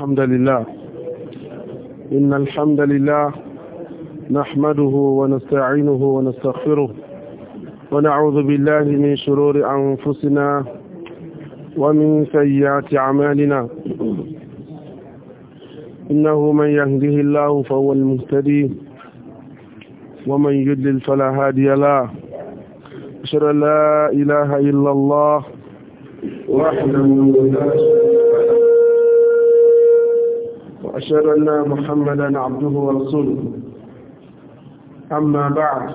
الحمد لله إن الحمد لله نحمده ونستعينه ونستغفره ونعوذ بالله من شرور أنفسنا ومن سيئات أعمالنا إنه من يهده الله فهو المهتدي ومن يدلل فلا هادي له أشهد أن لا إله إلا الله وحده لا شريك وأشهد أن محمدا عبده ورسوله أما بعد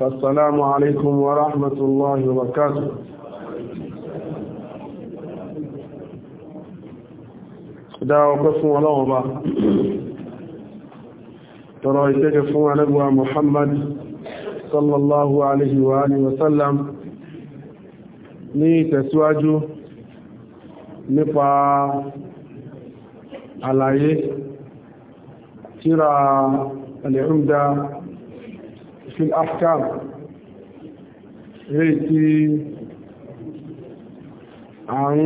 فالسلام عليكم ورحمة الله وبركاته دا وقفوا الله وبا ترى يتجفوا نبوى محمد صلى الله عليه وآله وسلم ني تسواجو نفا àlàyé tíra al-Umda fil Ahkam rí tí a ń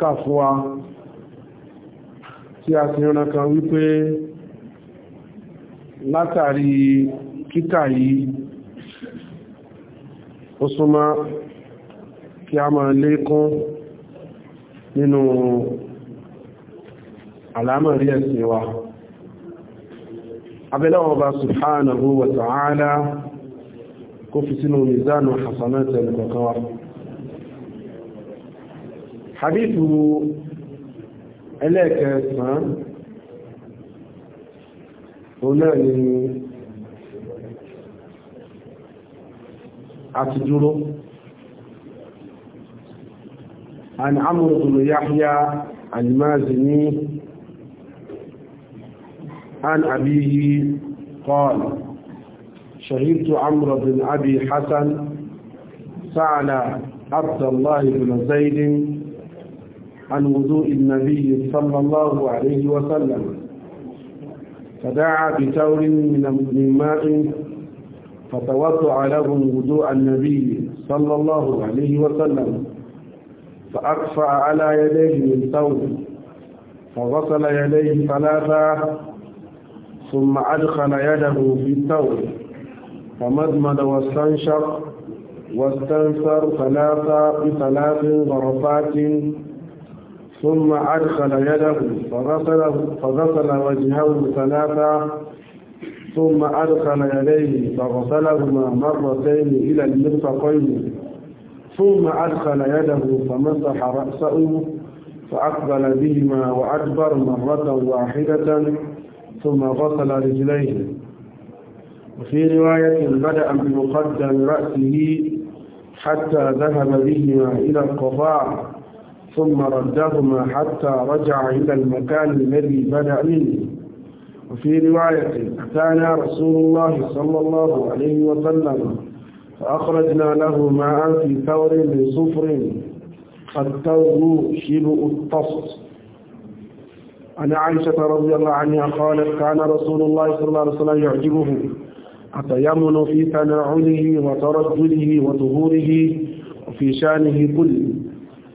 kàfúwa tí a ti rán kan wípé látàrí kíkà yìí ó súnmọ́ kí a máa lékún nínú àlámọ̀ rí ẹ̀sìn wa abẹ́lẹ́wọ̀n ọba subhanahu wa ta'ala kó fi sínú mizanu hasanat ẹnìkọ̀kan wa hadithu ẹlẹ́ẹ̀kẹsàn òun náà ni àti عن عمرو بن يحيى المازني عن أبيه قال شهدت عمرو بن أبي حسن سأل عبد الله بن زيد عن وضوء النبي صلى الله عليه وسلم فدعا بثور من ماء فتوضع لهم وضوء النبي صلى الله عليه وسلم فأقفأ على يديه من ثور فغسل يديه ثلاثة ثم أدخل يده في الثور فمضمد واستنشق واستنثر ثلاثة بثلاث غرفات ثم أدخل يده فغسل, فغسل وجهه ثلاثة ثم أدخل يديه فغسلهما مرتين إلى المرفقين ثم أدخل يده فمسح رأسه فأقبل بهما وأدبر مرة واحدة ثم غسل رجليه وفي رواية بدأ بمقدم رأسه حتى ذهب بهما إلى القفاء ثم ردهما حتى رجع إلى المكان الذي بدأ منه وفي رواية أتانا رسول الله صلى الله عليه وسلم فأخرجنا له ماء في ثور من صفر الثور شبء الطص عن عائشة رضي الله عنها قالت كان رسول الله صلى الله عليه وسلم يعجبه التيمن في تناعله وترجله وظهوره وفي شانه كله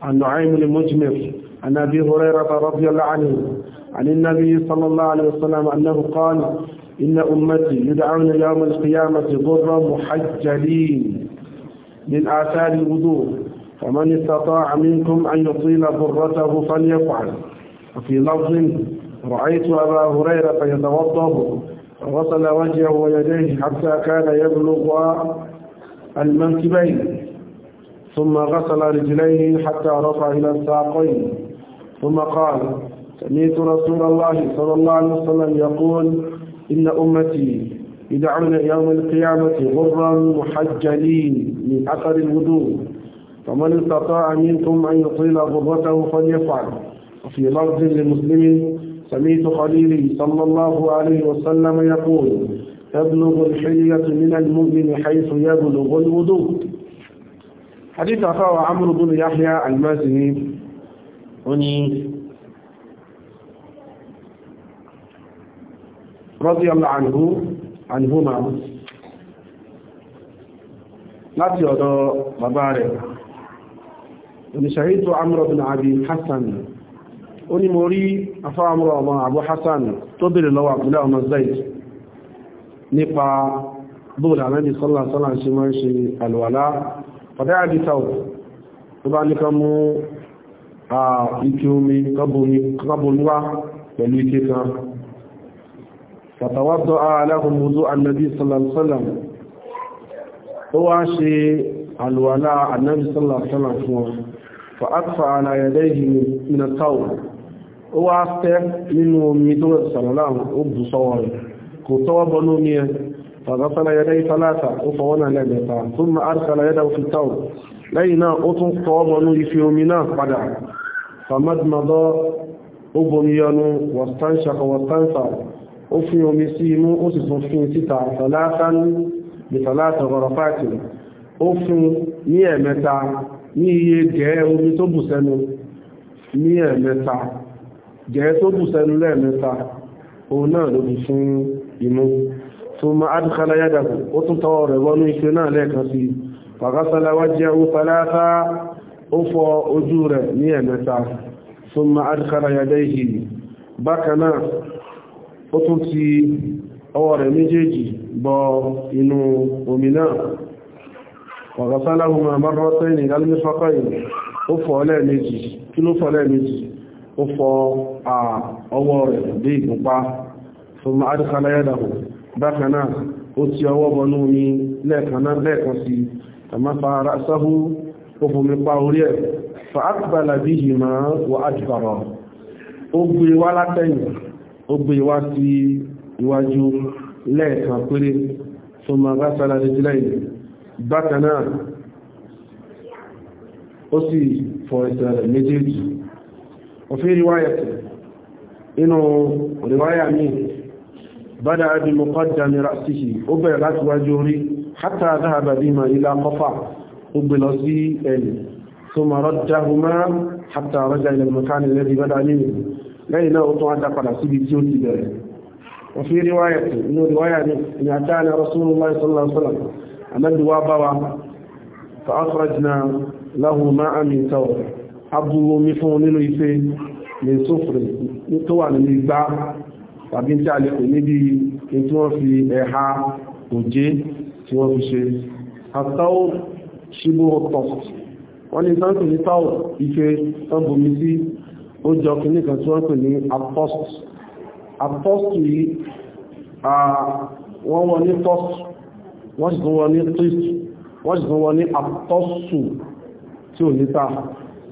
عن نعيم المجمر عن أبي هريرة رضي الله عنه عن النبي صلى الله عليه وسلم أنه قال إن أمتي يدعون يوم القيامة ضرا محجلين من آثار الوضوء فمن استطاع منكم أن يطيل ضرته فليفعل وفي لفظ رأيت أبا هريرة يتوضأ فغسل وجهه ويديه حتى كان يبلغ المنكبين ثم غسل رجليه حتى رفع إلى الساقين ثم قال سمعت رسول الله صلى الله عليه وسلم يقول إن أمتي يدعون يوم القيامة غرا محجلين من أثر الوضوء فمن استطاع منكم أن يطيل غرته فليفعل في مرض لمسلم سميت خليلي صلى الله عليه وسلم يقول تبلغ الحلية من المؤمن حيث يبلغ الوضوء حديث أخاه عمرو بن يحيى المازني وني رضي الله عنه عنهما لا ọ̀dọ̀ bàbá rẹ̀. عمرو بن عبد الحسن ó ní mo rí afáramọ́ra ọmọ Abu Hassan tó bèèrè lọ́wọ́ àpùlẹ̀ ọmọ Zaid nípa bóòlù àmẹ́bí sọ́lá ṣe máa ń ṣe àlùwàlá ọ̀dá àbí tàù tó bá ní kan mú ike omi kábòmíwá pẹ̀lú ike kan fàtàwádọ́ aláhùn mú annabi sallallahu ó wá ṣe àlùwàlá annabi sallallahu ó wá tẹ́ nínú omi tó wẹ̀ sàrọ̀láhùn ó bù sọ́wọ́ rẹ̀ kò tọ́wọ́ bọ́ lómi ẹ fàgọ́sọ́lá yẹ́dá ìfàlátà ó fọwọ́ náà lẹ́gbẹ̀ta tó máa àrísàlá yẹ́dá òfin lẹ́yìn náà ó tún tọ́wọ́ bọ́ ife omi náà padà fàmádùmádọ́ ó bomi yọnu wọ̀stánṣàkọ̀ ó fi omi sí inú ó sì tún fi ní jẹ́ tó bù sẹ́nu lẹ́ẹ̀mẹ́ta òun náà ló fi fún imú tó ma adìkálá yádàkù ó tún tọwọ́ rẹ̀ wọnú ife náà lẹ́ẹ̀kan sí fàkásálá wá jẹ́ ó fàlátá ó fọ ojú rẹ̀ ní ẹ̀mẹ́ta tó ma adìkálá yádà ìhì bákan náà ó tún ti ọwọ́ rẹ̀ méjèèjì bọ inú omi náà fàkásálá hùmà márọ́tẹ́ ìnìyàn lẹ́mẹ́fọ́kọ́ yìí ó fọ́ lẹ́ẹ̀mejì kí ló fọ́ lẹ́ẹ̀mejì ó fọ ọwọ́ rẹ̀ dé ìgúnpá fún adúkàláyàdàwò bákaná ó ti ọwọ́ bọnú ní lẹ́ẹ̀kaná lẹ́ẹ̀kan sí tàmáfà rásáhú ó fòmí pa orí ẹ̀ fa ákùbàlà bí i ma wà ájúbàrọ̀ ó gbé e wá látẹ̀yìn ó gbé e wá sí iwájú lẹ́ẹ̀kan péré fún magásàlá bákaná sì fọ ẹsẹ̀ méjèèjì وفي رواية إنه رواية مين بدأ بمقدم رأسه أبلغت وجهري حتى ذهب بهما إلى قفا أبلغي أن ثم ردهما حتى رجع إلى المكان الذي بدأ منه لأنه أطعد قد سيدي جوتي بره وفي رواية إنه رواية إن أتانا رسول الله صلى الله عليه وسلم أمد وابوا فأخرجنا له ماء من ثوره abu omi fún wọn nínú ife lè sófòrè tó wà nínú igbá tàbí tí a lè pè níbi tí wọ́n fi ẹ̀ha òjé tí wọ́n fi ṣe àtàwò ṣíbò ọ̀tọ̀ wọ́n ní sáńtò ní táwò ife tán bomi sí ó jọ kìíní kan tí wọ́n pè ní apost apost yìí wọ́n post wọ́n sì tún wọ́n ní twist apostu tí ò ní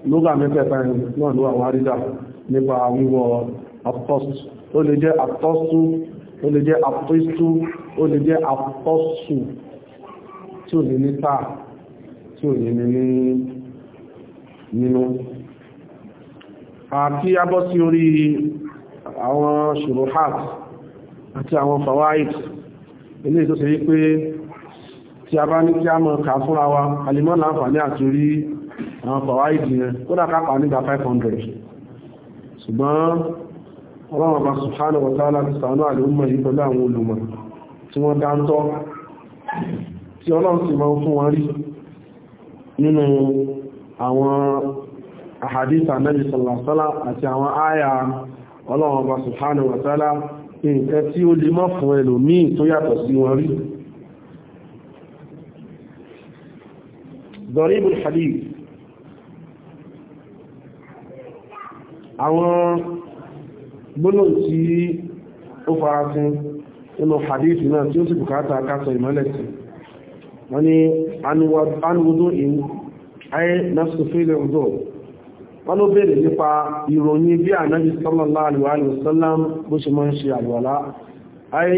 lóga mẹ́tẹ̀ẹ̀ta náà ló àwọn àrídà nípa wíwọ àtọ́sù ó lè jẹ́ àtọ́sù ó lè jẹ́ àtọ́sù ó lè jẹ́ àtọ́sù tí ò ní ní táà tí ò ní ní nínú àti abọ́ sí orí àwọn ṣùrùhát àti àwọn fàwáìt ilé ìtọ́sẹ̀ wípé tí a bá ní kí a mọ̀ kà fúnra wa alìmọ́ láǹfààní àti orí àwọn fọwọ́ ìdí yẹn ó dà kápá nígbà 500 ṣùgbọ́n ọlọ́run ọba subhanahu wa ta'ala ti sàánú àlúmọ̀ yìí pẹ̀lú àwọn olùmọ̀ tí wọ́n dáńtọ́ tí ọlọ́run sì máa Nabi sallallahu alaihi wasallam àti àwọn áyà ọlọ́run ọba subhanahu wa ta'ala nǹkan tí ó lè àwọn gbónà tí ó farasin nínú hadith náà tí ó sì bùkátà kásọ ìmọ́lẹ̀ sí wọ́n ni anúwọ́dó in ayé násùfílẹ̀ ọdọ́ wọ́n ló bèèrè nípa ìròyìn bí ànábì sallallahu alaihi wasallam bó ṣe mọ́ ń ṣe àlùwàlá ayé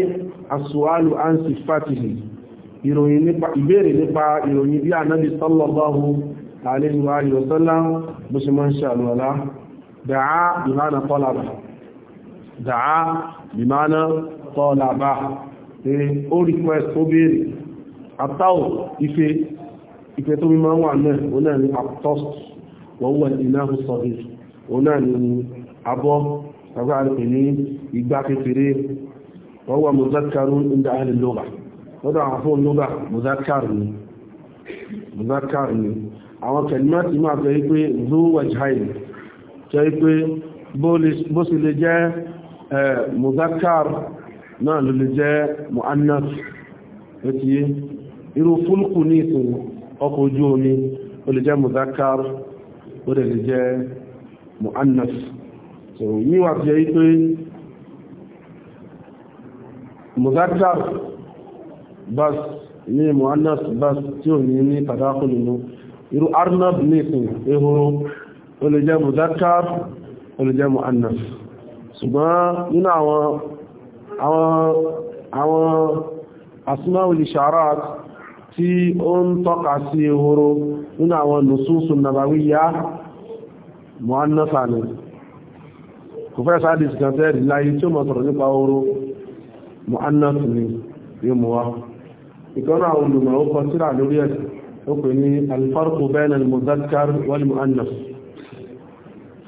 asùwálù an sifatihi ìròyìn nípa ìbéèrè nípa ìròyìn bí ànábì sallallahu alaihi wasallam bó ṣe mọ́ ń ṣe àlùwàlá dàá ìmánà tọ́làbà dàá ìmánà tọ́làbà ó request ó béèrè àtàwò ife ife tó mímọ̀ wà náà ó náà ní àtọ́sù wọ́n wọ́n ìnáhù sọ̀dì ó náà ní abọ́ tàbí àrẹ̀kẹ̀ ní ìgbà kékeré wọ́n wọ́n muzakaru inda ahli lugha lọ́dọ̀ àwọn fún lugha muzakaru ni muzakaru ṣe pé bó sì lè jẹ́ muzakar náà ló lè jẹ́ mu'annas ẹ̀tí irú fúlùkù ní ìsìn ọkọ̀ ojú omi ó lè jẹ́ muzakar ó lè jẹ́ mu'annas so yíwà fi yẹ́ pé muzakar bas ní mu'annas bas tí ò ní ní tàdákùn nínú irú arnab ní ìsìn ehoro ó lè jẹ́ mudhakar ó lè jẹ́ muannas ṣùgbọ́n nínú àwọn àwọn àwọn asmaul isharat tí ó ń tọ́ka sí ehoro nínú àwọn nususun nabawiyya muannasa ni kò fẹ́ sáàdì ìsìnkàntẹ́rì láyé tí ó mọ̀ sọ̀rọ̀ nípa oró muannas ni yóò mọ̀ wá ìkọ́nà àwọn olùmọ̀ ó kọ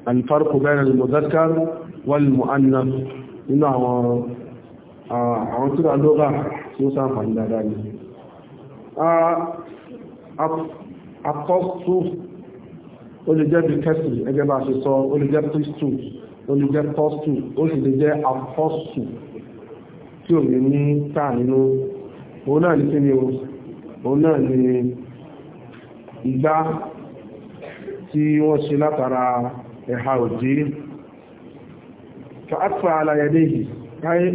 الفرق بين المذكر والمؤنث nínú àwọn àwọn tí wọ́n lọ́gbà tí ó sáàfàní dáadáa ni akọ́sù ó lè jẹ́ bíkẹ́sù ẹgbẹ́ bá ṣe sọ ó lè jẹ́ kírísù ó lè jẹ́ kọ́sù ó sì lè jẹ́ akọ́sù tí ò ní ní ni òun náà ní igbá ẹ̀hà òjì Ka alayadéhì káyé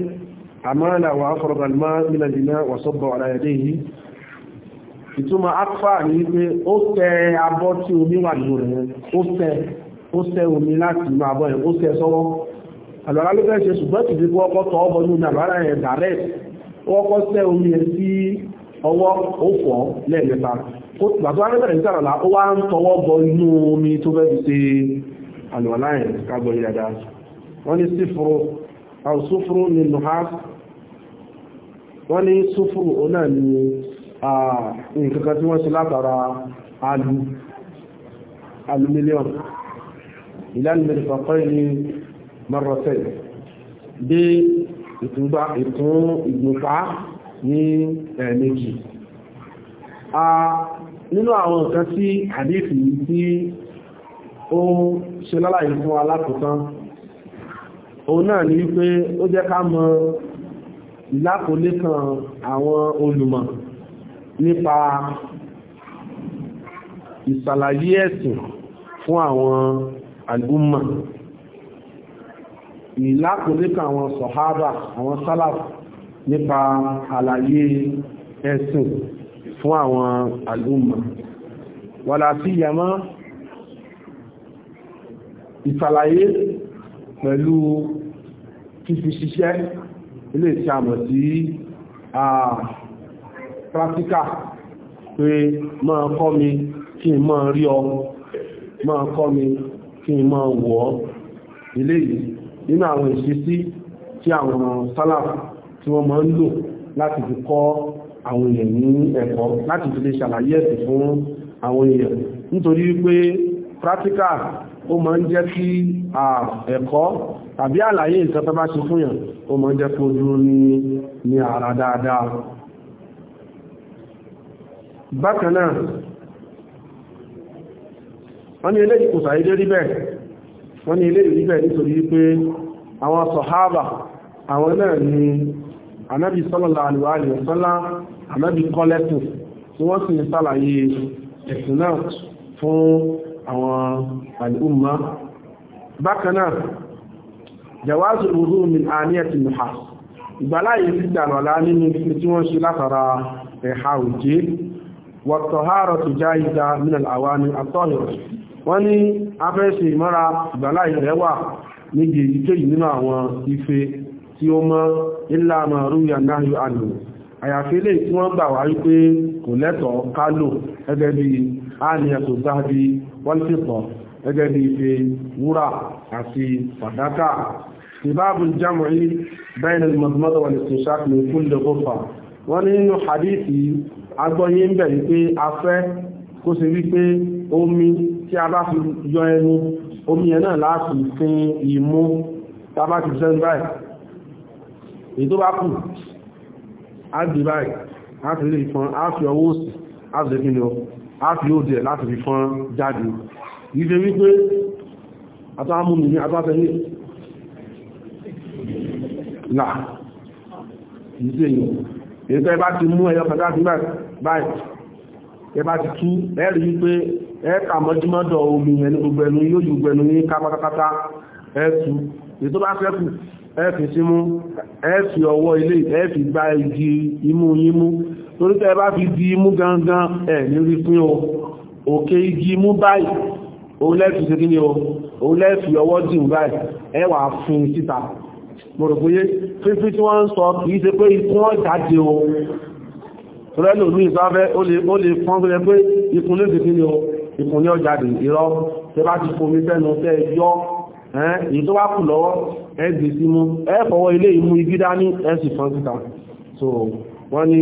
àmàlà wà áfọ̀rọ̀gbàlmá mílàdínà wà sọ́bọ̀ alayadéhì ìtumọ̀ afa ní wípé ó tẹ abọ́ tí omi wà lò rẹ̀ ó omi láti omi ọwọ́ ó lẹ́ẹ̀mẹ́ta gbàtọ́ arẹ́bẹ̀rẹ̀ ní sàrọ̀lá ó wá ń tọwọ́ bọ inú omi àlùwàlá yẹn kágbọ́ yìí dáadáa wọ́n ní sífúrú àwọn súfúrú ní nuhas wọ́n ní súfúrú ó náà ní nǹkankan tí wọ́n ṣe látara alu alumílíọ̀n ìlànà mẹ́rìnfàkọ́ ní marrotel dé ìtúgbà ìtún ìgbòfà ní ẹ̀ẹ̀mejì nínú àwọn nǹkan tí àdífì tí ó ṣe lálàyé fún alákòótán òun náà ni wípé ó jẹ́ ká mọ ìlákòólé kan àwọn olùmọ̀ nípa ìsàlàyé ẹ̀sìn fún àwọn àlúmà ìlákòólé kan àwọn sọ̀hábà àwọn sálàf nípa àlàyé ẹ̀sìn fún àwọn àlúmà wàlá sí yàmọ́ ìfàlàyé pẹ̀lú fífi ṣiṣẹ́ ilé ìṣàmọ̀ sí practical pé máa kọ́ mi kí n máa rí ọ máa kọ́ mi kí n máa wò ọ́ ilé yìí nínú àwọn ìṣesí tí àwọn sálàf tí wọ́n máa ń lò láti fi kọ́ àwọn èèyàn ní ẹ̀kọ́ láti fi lè ṣàlàyé ẹ̀sìn fún àwọn èèyàn nítorí wípé practical ó máa ń jẹ́ kí ẹ̀kọ́ tàbí àlàyé nǹkan tó bá ṣe fún yàn ó máa ń jẹ́ kó dúró ní ní ara dáadáa bákan náà wọ́n ní ilé kò sàídé rí wọ́n ní ilé rí nítorí wípé àwọn sọ̀háàbà àwọn náà ni anábì sọ́lọ̀lá àlùwàlì ọ̀sọ́lá anábì kọ́lẹ́kù tí wọ́n sì ń sàlàyé ẹ̀sìn náà fún àwọn al'umma bákanáà jawazu wudu min aniyati nuha ìgbàláyé sídàlọ́lá nínú tí wọ́n ṣe látara ẹ̀ha òjé wàtọ̀hárọ̀ tó já ìdá minal àwámi àtọ́yọ̀ wọ́n ní afẹ́ṣe ìmọ́ra ìgbàláyé rẹ̀ wà níbi èyíkéyìí nínú àwọn ife tí ó mọ́ ilá àmàrúyà náà àlò àyàfi lè tí wọ́n gbà wá wípé kò lẹ́tọ̀ọ́ kálò gẹ́gẹ́ bí àníyàn tó dábí wọ́lfìtọ̀ gẹ́gẹ́ bí ife wúrà àti fàdákà ìbáàbù jámùí bẹ́ẹ̀ni mọ̀tòmọ́tò wà ní sọ́ṣàkì ní kúlẹ̀ kófà wọ́n ní nínú hadithi agbọ́yé ń bẹ̀ wípé afẹ́ kó ṣe wípé omi tí a bá fi yọ ẹnu omi ẹ̀ náà láti fín imú tàbá ti sẹ́nu báyìí èyí tó bá kù á dì báyìí á fi lè fọn á fi ọwọ́ òsì á fi lè fi lọ upload ẹ̀ láti fi fọ́n jáde ìfẹ́ wípé àtàmúnù ní àtàfẹ́ ní là ìṣẹ́ yìí ìfẹ́ bá ti mú ẹyọ kọjá sí báyìí ẹ bá ti tú ẹ̀rí wípé ẹ̀ẹ́kà mọ́júmọ́dọ̀ omi ẹni gbogbo ẹnu yóò ju gbẹnu ní kápátápátá ẹ̀ẹ́tù ètò bá fẹ́kù ẹ̀ẹ́fì símú ẹ̀ẹ́fì ọwọ́ ilé ẹ̀ẹ́fì gba igi imú yímú torí tẹ́ bá fi di imú gangan ẹ̀ lórí pín o òkè igi imú báyìí òun lẹ́fì sí kíni o òun lẹ́fì ọwọ́ dìun báyìí ẹ wá fún síta mọ̀rọ̀gbóyé fífí tí wọ́n ń sọ kìí ṣe pé ikún ọ̀jáde o rẹ́lò ní ìsáfẹ́ ó lè fọ́n gbẹ́rẹ́ pé ikun lè dìkí ni o ikun ní ọ̀jáde irọ́ tẹ bá ti fomi sẹ́nu tẹ́ yọ èyí tó bá kù lọ́wọ́ ẹ gbèsè mú ẹ fọwọ́ ilé ìmú igi dání ẹ sì fọ́n síta so wọ́n ní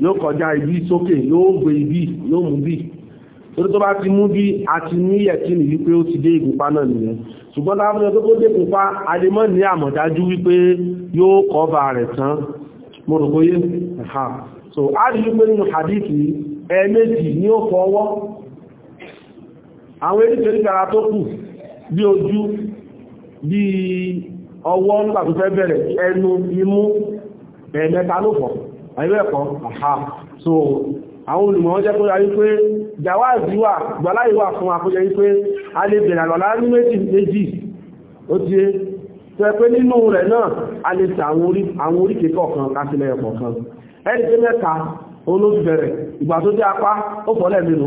yóò kọjá ibi sókè yóò gbé ibi yóò mú bí torí tó bá ti mú bí a ti ní yẹ̀kí nìyí pé ó ti dé ìgúnpá náà nìyẹn ṣùgbọ́n láàrín ọdún tó dé ìgúnpá adémọ́ ní àmọ̀dájú wípé yóò kọ́bà rẹ̀ tán mo rò so a rí wípé nínú hadithi ẹ̀ẹ̀mejì ní ó fọwọ́ àwọn eré tẹ́lẹ̀ gara tó kù bí ojú bí ọwọ́ nígbà tó fẹ́ bẹ̀rẹ̀ ẹnu imú ẹ̀ẹ̀mẹ́ta ló fọ̀ọ́ àìbẹ́ẹ̀kọ́ àhá so àwọn olùmọ̀ jẹ́ kó yàrí pé jàwáàzí wà gbàláyé wà fún àkójẹ wípé a lè bèèrè àlọ́lá ní méjì méjì ó ti é tó ẹ pé nínú rẹ̀ náà a lè ta àwọn oríkè kọ̀ọ̀kan kásílẹ̀ ẹ̀kọ̀ọ̀kan ẹni pé mẹ́ta olóbẹ̀rẹ̀ ìgbà tó jẹ́ apá ó fọ́lẹ̀ mẹ́nu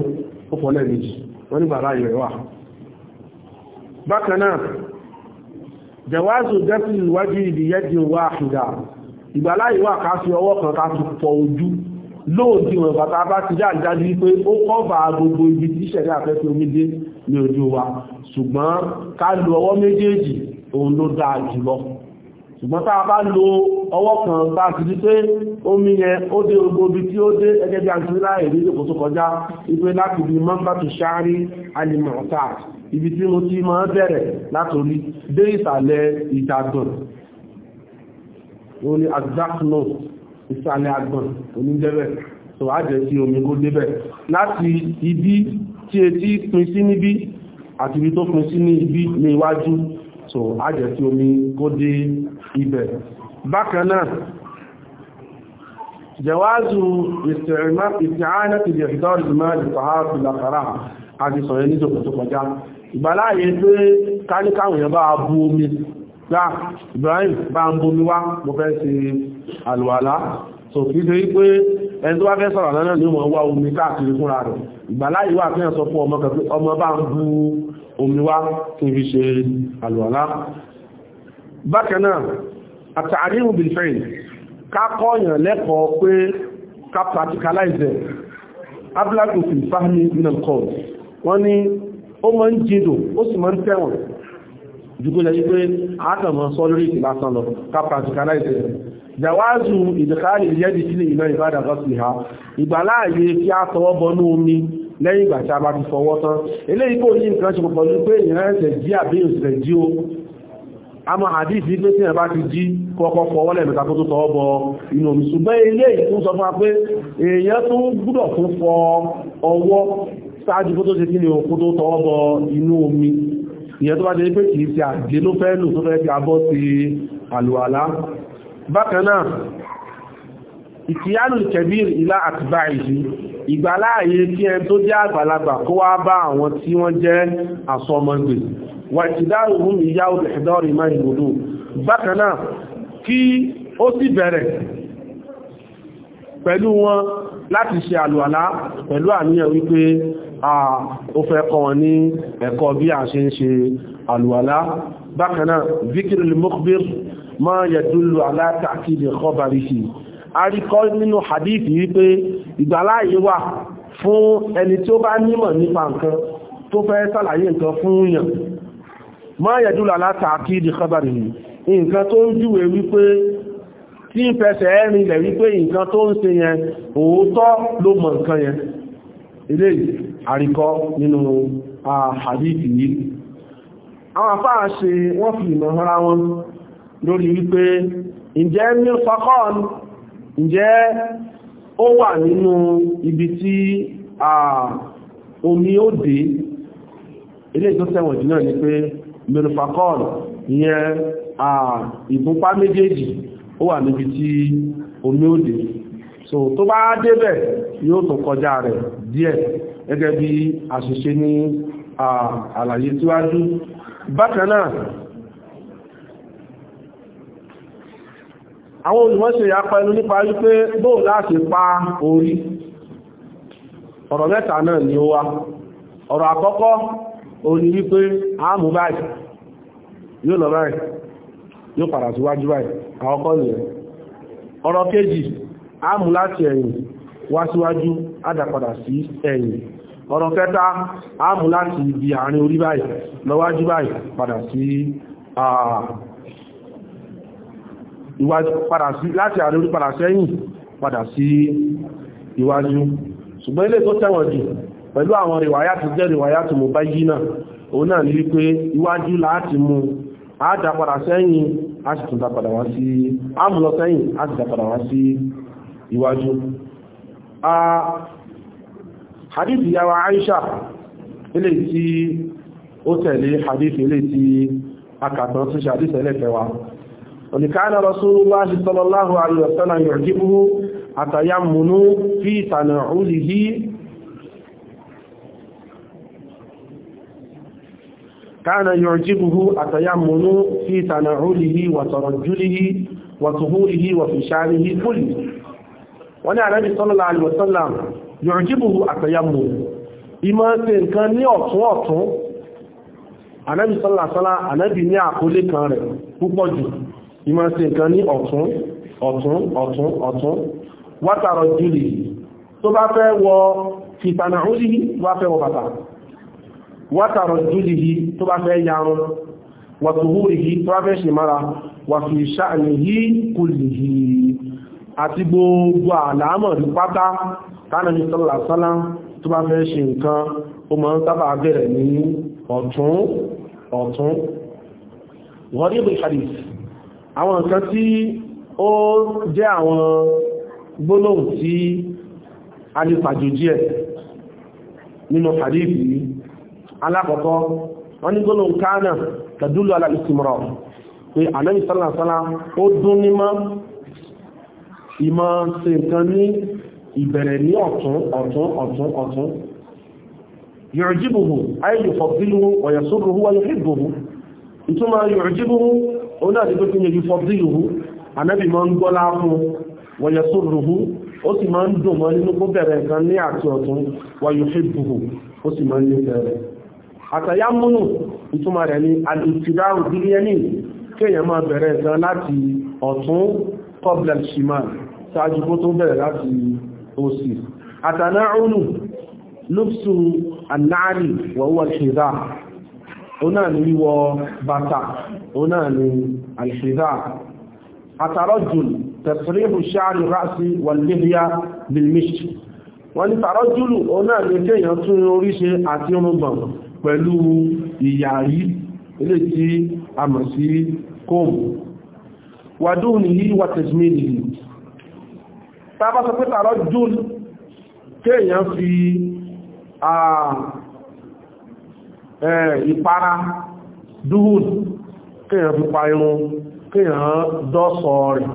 ó fọ́lẹ̀ méjì wọ́n ní bàbá ìrẹ̀ wà bákan náà jàwáàzù jẹ́ sí ìwájú ìdíyẹ́ di wáhìdá ìgbàláyìí wà ká fi ọwọ́ kan ká fi fọ ojú lóòdì wọn bàtà bá ti dá ìdájú wípé ó kọ́bà gbogbo ibi tí ìṣẹ̀lẹ̀ afẹ́fẹ́ omi ní ojú wa ṣùgbọ́n ká lo ọwọ́ méjèèjì òun ló dáa jùlọ ṣùgbọ́n tá a bá lo ọwọ́ kan bá ti di pé omi yẹn ó dé ogóbi tí ó dé ẹgẹ́ bí àti láì rí ìdòkó tó kọjá wípé láti bí mọ́mbà tó ṣáárí alimọ̀ ọ̀tá ibi tí mo ti máa bẹ̀rẹ̀ látòrí dé ìsàlẹ̀ ìjàgbọ̀n òun ni agbákùnà ìsàlẹ̀ àgbọ̀n oníjẹ́bẹ̀ so a jẹ́ omi kó débẹ̀ láti ibi tí etí pin sí níbí àti ibi tó pin sí ní ibi ní iwájú so a jẹ́ sí omi kó dé ibẹ̀ bákan náà jẹwáàzù ìsìnàánà ti jẹ́ ìdọ́rì ìmọ̀ ìtọ̀háàtù lákàrá àti sọ̀rọ̀ ní ìjọba tó kọjá ìgbàláyé pé káníkàwòyàn bá bú omi láà Ibrahim bá ń bomi wá mo fẹ́ ṣe àlùwàlá so kí ṣe wípé ẹni tó wá fẹ́ sọ̀rọ̀ lọ́nà ní wọ́n wá omi káàkiri fúnra rẹ̀ ìgbàlá yìí wà fíyàn sọ fún ọmọ kẹfẹ́ ọmọ bá ń bu omi wá kí fi ṣe àlùwàlá bákan náà àtàríhù bìlfẹ́yìn ká kọ́yàn lẹ́kọ̀ọ́ jùgbọ́n yí pé àtàmọ̀ sọ lórí ìtì lásán lọ kápásìkáláìsì rẹ̀ jàwázù ìdíkàlì ìyẹ́dì sí ilé iná ìbádà gọ́sì ha ìgbàláàyè kí a tọwọ́ bọnú omi lẹ́yìn ìgbà tí a bá ti fọwọ́ tán eléyìí kò ní nǹkan ṣe pọ̀ pẹ̀lú pé ìrẹ́sẹ̀ jí àbí òṣìṣẹ́ jí o àmọ́ àdíìsí pé tí ẹ̀bá ti jí kọ́kọ́ fọwọ́ lẹ́mẹ̀ta tó tó tọwọ́ bọ inú omi ṣùgbọ́n ilé ìtún sọ fún wa pé èèyàn tún gbúdọ̀ fún fọ ọwọ́ ṣáájú kó tó ṣe kí ni òkú tó tọwọ́ bọ inú omi ìyẹn tó bá jẹ́ pé kìí ṣe àgbé ló fẹ́ lò tó fẹ́ fi abọ́ sí àlùwàlá bákan náà ìkìyánù kẹbíir ilá àtìbá ìṣí ìgbàláàyè kí ẹn tó jẹ́ àgbàlagbà kó wá bá àwọn tí wọ́n jẹ́ àsọmọgbè wà ìtìdáàrù hùn ìyá òdìdọ́rì máa ìgbòdó bákan náà kí ó fẹ́ kọ́ wọn ní ẹ̀kọ́ bí a ṣe ń ṣe alùwàlá bákanáà zikirul mukhbir ma yadullu ala ta'kidi khabarihi a rí kọ́ nínú hadith wípé ìgbàláyé wà fún ẹni tí ó bá nímọ̀ nípa nǹkan tó fẹ́ sàlàyé nǹkan fún yàn ma yadullu ala ta'kidi khabarihi nǹkan tó ń júwe wípé tí ń fẹsẹ̀ ẹ́rin lẹ̀ wípé nǹkan tó ń ṣe yẹn òótọ́ ló mọ̀ nǹkan yẹn eléyìí àríkọ́ nínú àhàdìtì yìí àwọn àfáà ṣe wọ́n fi ìmọ̀ ara wọn lórí wípé ǹjẹ́ mirfakon ǹjẹ́ ó wà nínú ibi tí omi ó dé ilé tó tẹ́wọ̀n jù náà ni pé mirfakon ìyẹn ìbúpá méjèèjì ó wà níbi tí omi ó dé so tó bá débẹ̀ yóò tó kọjá rẹ̀ díẹ̀ gẹ́gẹ́ bí àṣìṣe ní àlàyé tíwájú bákan náà àwọn olùmọ́sẹ̀ yapa ẹnu nípa wípé bóò láti pa orí ọ̀rọ̀ mẹ́ta náà ni ó wá ọ̀rọ̀ àkọ́kọ́ ó wípé àmú báyìí yóò lọ báyìí yóò síwájú báyìí nìyẹn ọ̀rọ̀ àmú láti ọ̀rọ̀ kẹta áàmù láti ibi àárín orí báyìí lọ́wájú báyìí padà sí láti àárín orí padà sẹ́yìn padà sí iwájú ṣùgbọ́n ilé tó tẹ́wọ̀n jù pẹ̀lú àwọn rìwáyá ti jẹ́ rìwáyá ti mú báyí náà òun náà ní wípé iwájú láti mú àádá sẹ́yìn a wá sí áàmù sẹ́yìn a wá sí iwájú hadith ìyá wa Aisha ilé tí ó tẹ̀lé hadith ilé tí akàtàn tí ṣe hadith ẹlẹ́fẹ́wa oníkàánà Rasulullah sallallahu alaihi wasallam yu'jibuhu atayammunu fi tana'ulihi كان يعجبه التيمم في تنعله وترجله وطهوره وفي شعره كله ونعلم صلى الله عليه وسلم yọ̀rọ̀jíbù àtẹ̀yàmù ìmọ̀ ṣe nǹkan ní ọ̀tún ọ̀tún anábì sọ́làsọ́lá anábì ní àkólé kan rẹ̀ púpọ̀ jù ìmọ̀ ṣe nǹkan ní ọ̀tún ọ̀tún ọ̀tún ọ̀tún wátàrọ̀ jùlì tó bá fẹ́ wọ fìtànà orí wá fẹ́ wọ bàtà mara wà fi ṣáàlì yìí kùlì yìí àti gbogbo tánàbí sọ́lá sọ́lá tó bá fẹ́ ṣe nǹkan ó máa ń sábà bẹ̀rẹ̀ ní ọ̀tún ọ̀tún gharib hadith àwọn nǹkan tí ó jẹ́ àwọn gbólóhùn tí a lè pàjòjì ẹ̀ nínú hadith yìí alákọ̀ọ́kọ́ wọ́n ní gbólóhùn kánà tàdúlù alàìsìmọ̀rọ̀ pé ànábì sọ́lá sọ́lá ó dún nímọ́ ìmọ̀ ṣe nǹkan ìbẹ̀rẹ̀ ní ọ̀tún ọ̀tún ọ̀tún ọ̀tún yọ̀rọ̀jíbùhù ayé fọ̀bílùhù ọ̀yẹ̀sọ́rùhù ayọ̀hìbùhù ìtumọ̀ yọ̀rọ̀jíbùhù onáàdìgbòkínye fọ̀bílùhù anábì máa ń gbọ́lá fún wọ̀yẹ̀sọ́rùhù ó sì máa ń dùn mọ́ nínú kó bẹ̀rẹ̀ nǹkan ní àti ọ̀tún wọ̀yọ̀hìbùhù ó sì ni alìtìdáhù bílíẹ́nì kéèyàn máa bẹ̀rẹ̀ nǹkan láti ọ̀tún kọ́blẹ̀ ṣìmá ṣáájú kó tó bẹ̀rẹ̀ òsì àtànáàrùnù lópsù ànáàrí wọ̀wọ́ ṣèdá ọ̀nà ni wíwọ bàtà ọ̀nà ni alṣèdá àtàrọ́jùl tẹ̀sìrìhù ṣáàrì ráàsì wàlébíà bilmish wọ́n ni tàrọ́jùlù ọ̀nà ni kéèyàn tún orí ṣe àti orúngbọ̀n pẹ̀lú ìyàrí ilé tí a mọ̀ sí tàbá sọ pé tààrọ jùn kéèyàn fi ìpara dúhùn kéèyàn fi pa irun kéèyàn dọ́sọ̀ rẹ̀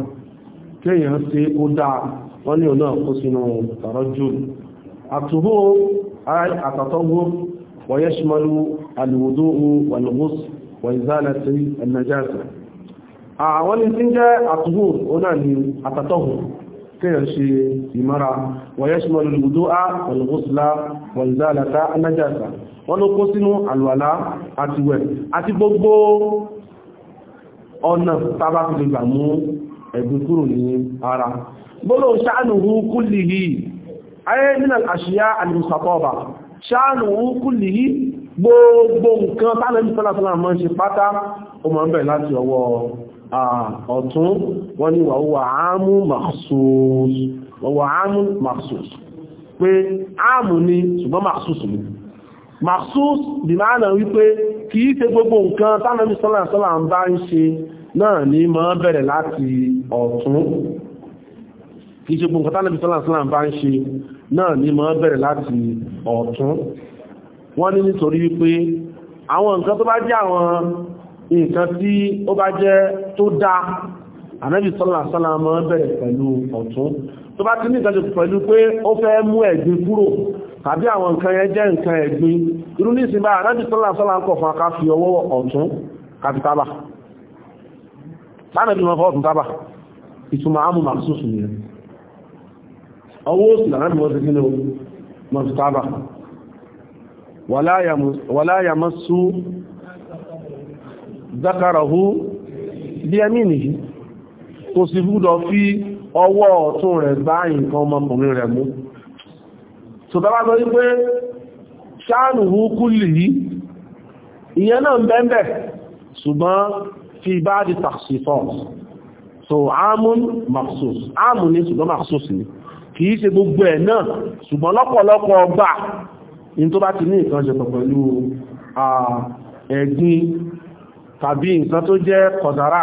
kéèyàn ṣe ó dáa wọ́n ní ọ̀nà kó sínú tààrọ jùn àtúhó àtàtọ́gbó wọ́yẹ́ṣmọ́lú alìwòdó wàlúgbòs wàìzálẹ̀ sí tí ń jẹ́ àtúhó ó náà ni àtàtọ́gbó kéèyàn ṣe ìmára wọ̀yẹ́ṣùmọ̀ lùdó á wọ̀lùgbọ́sùlá wọ̀lùzálàtà anájàsà wọ́n ló kó sínú àlùwàlá àti wẹ̀ àti gbogbo ọ̀nà tàbá fi lè gbà mú kúrò ní ara gbogbo ṣáànùhú kúlìhì ayé nínà àṣíyá àlùsàtọ́ọ̀bà ṣáànùhú kúlìhì gbogbo nǹkan tánà ní sọ́lásọ́lá mọ́ ṣe pátá o mọ́ bẹ̀ láti ọwọ́ ọ̀tún wọ́n ní wàhúwà áàmù maksus wàhúwà áàmù maksus pé áàmù ni ṣùgbọ́n maksus ni maksus bí máa nà wípé kìí ṣe gbogbo nǹkan tánà ní sọ́lásọ́lá ń bá ń ṣe náà ní mọ́ bẹ̀rẹ̀ láti ọ̀tún kìí ṣe gbogbo nǹkan tánà ní sọ́lásọ́lá bá ń ṣe náà ní mọ́ bẹ̀rẹ̀ láti ọ̀tún wọ́n ní nítorí wípé àwọn nǹkan tó bá jẹ́ àwọn nǹkan tí ó bá jẹ́ tó dá ànábì sọ́lá sọ́lá mọ́ bẹ̀rẹ̀ pẹ̀lú ọ̀tún tó bá ti ní ìtọ́jú pẹ̀lú pé ó fẹ́ mú ẹ̀gbin kúrò tàbí àwọn nǹkan yẹn jẹ́ nǹkan ẹ̀gbin irú ní ìsinmi ànábì sọ́lá sọ́lá ń wàlá yamassu zakarahu bí ẹmí nìyí kò sì gbúdọ̀ fi ọwọ́ ọ̀tún rẹ̀ bá nǹkan ọmọkùnrin rẹ̀ mú sọ̀tọ́bá lọ wípé ṣáàrùn hukú lìí ìyẹn náà ń bẹ́ẹ̀bẹ̀ ṣùgbọ́n fi bá di tàṣìfọ́ ni ṣùgbọ́n maksus ni kìí ṣe gbogbo ẹ̀ náà ṣùgbọ́n lọ́pọ̀lọpọ̀ ọgbà in tó bá ti ní nǹkan ṣe pẹ̀lú ẹ̀gbin tàbí nǹkan tó jẹ́ kọ̀dárà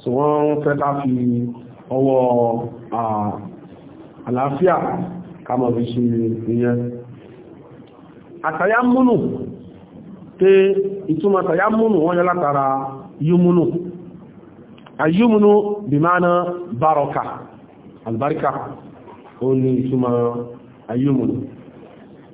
tí wọ́n fẹ́ ká fi ọwọ́ àlàáfíà kàmọ̀ fi ṣe ìyẹn àtàyámúnù pé ìtumọ̀ àtàyámúnù wọ́n yẹ látara yúmúnù àyúmúnù bí máa ná bárọkà albarka ó ní ìtumọ̀ àyúmúnù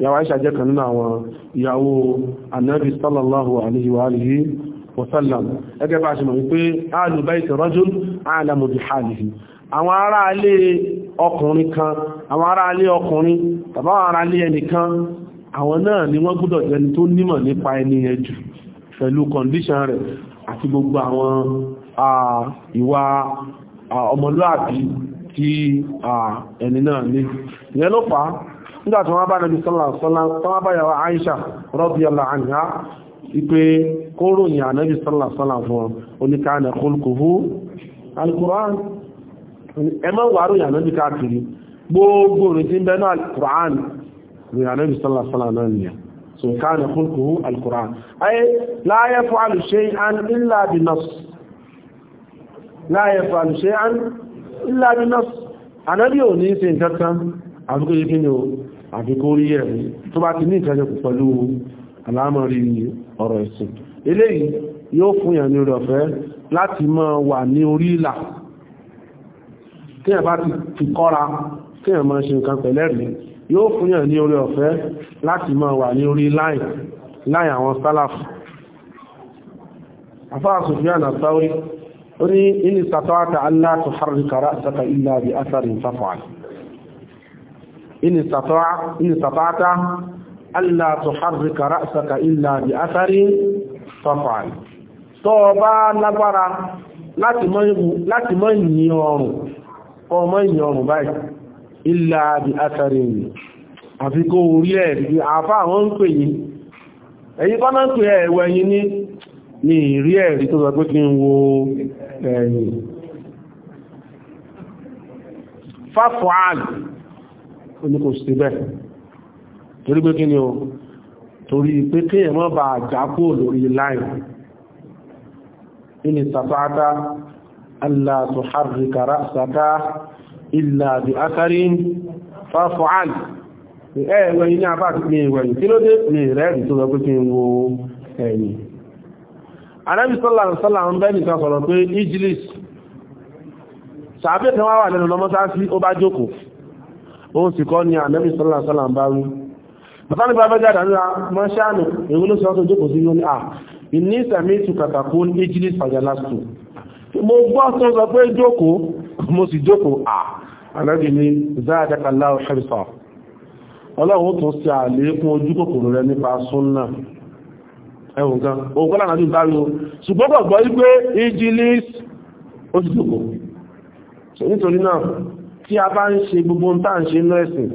ìyàwó Aisha jẹ́ kan nínú àwọn ìyàwó Ànábì sallallahu alaihi wa alihi wa sallam ẹgẹ́ bá ṣe mọ̀ wípé alu bayti rajul a'lamu bi halihi àwọn ará alé ọkùnrin kan àwọn ará alé ọkùnrin tàbí àwọn ará alé ẹnìkan àwọn náà ni wọ́n gbọ́dọ̀ jẹni tó nímọ̀ nípa ẹni yẹn jù pẹ̀lú kọndíṣàn rẹ̀ àti gbogbo àwọn ìwà ọmọlúàbí tí ẹni náà ní ìyẹn nígbà tí wọ́n bá nàbí sọ́lá bá yàwó Aisha radiyallahu anha ipe kóró ní ànábì sọ́lá fún oníkàánà kólkòhú al-Qur'an ẹmọ́ wàárò yànábì káàkiri gbogbo rẹ̀ tí ń bẹ́ẹ̀ náà al-Qur'an rẹ̀ ànábì sọ́lá náà nìyà so kana khulquhu al-Qur'an ay la yaf'alu shay'an illa bi nass la yaf'alu shay'an illa bi nass àti kó rí ẹ̀rí tó bá ti ní ìtẹ́jọ́ pẹ̀lú alámọ̀rí ọ̀rọ̀ ẹ̀sìn eléyìí yóò fún yàn ní orí ọ̀fẹ́ láti máa wà ní orí ìlà tíyàn bá ti kọ́ra tíyàn máa ṣe nǹkan pẹ̀lẹ́rí yóò fún yàn ní orí ọ̀fẹ́ láti máa wà ní orí láì àwọn sálàfù afáà Sufyan as-Sawri ó ní inú sàtọ́wátà aláàtù harrika ra'saka illa bi atharin fafa'al إن استطاع إن استطعت ألا تحرك رأسك إلا بأثر فافعل tó bá lágbára láti mọ́ ìyìn ọrùn kọ mọ́ ìyìn ọrùn báyìí ilẹ̀ àbí àtàrí ìrìn àfi kó orí ẹ̀ bí àfá àwọn ń pè yìí èyí bá náà ń pè ẹ̀wẹ̀ yìí ní ní ìrí ẹ̀rí tó sọ pé kí wo ẹ̀yìn fáfọ́ ó ní kò sí bẹ́ẹ̀ torí pé kí ni o torí pé kí ẹ̀mọ́ bá àjákò lórí láì ní sàfáàtà Allah tuharrika ra'saka illa bi atharin faf'al ẹ̀ẹ̀wẹ̀yìn ní àbáàkì ní ìwẹ̀yìn tí ló dé ní rẹ̀ẹ̀dì tó gbogbo kí n wo ẹ̀yìn anábi sọ́là ń bẹ́ nìkan sọ̀rọ̀ pé ijilis sàábẹ̀ kan wà lẹ́nu lọ́mọ́sáàsí ó bá jókòó ó sì kọ́ ní ànábì sọ́lá sọ́lá ń bá wí bàbá ní bàbá jáde àdúrà mọ́ ṣáàlù èwo ló sọ tó jókòó sí yóní à ìní ìsàmì ètò kàtàkó ní ejìlì ah, fàjálásù mo gbọ́ tó sọ pé jókòó mo sì jókòó à ah, ànábì ní záàdákàlá ọ̀ṣẹ́rìsọ̀ ọlọ́run tó ṣe àlékún ojú kòkòrò rẹ nípa nítorí náà tí a bá ń ṣe gbogbo tá ń ṣe lẹ́sìn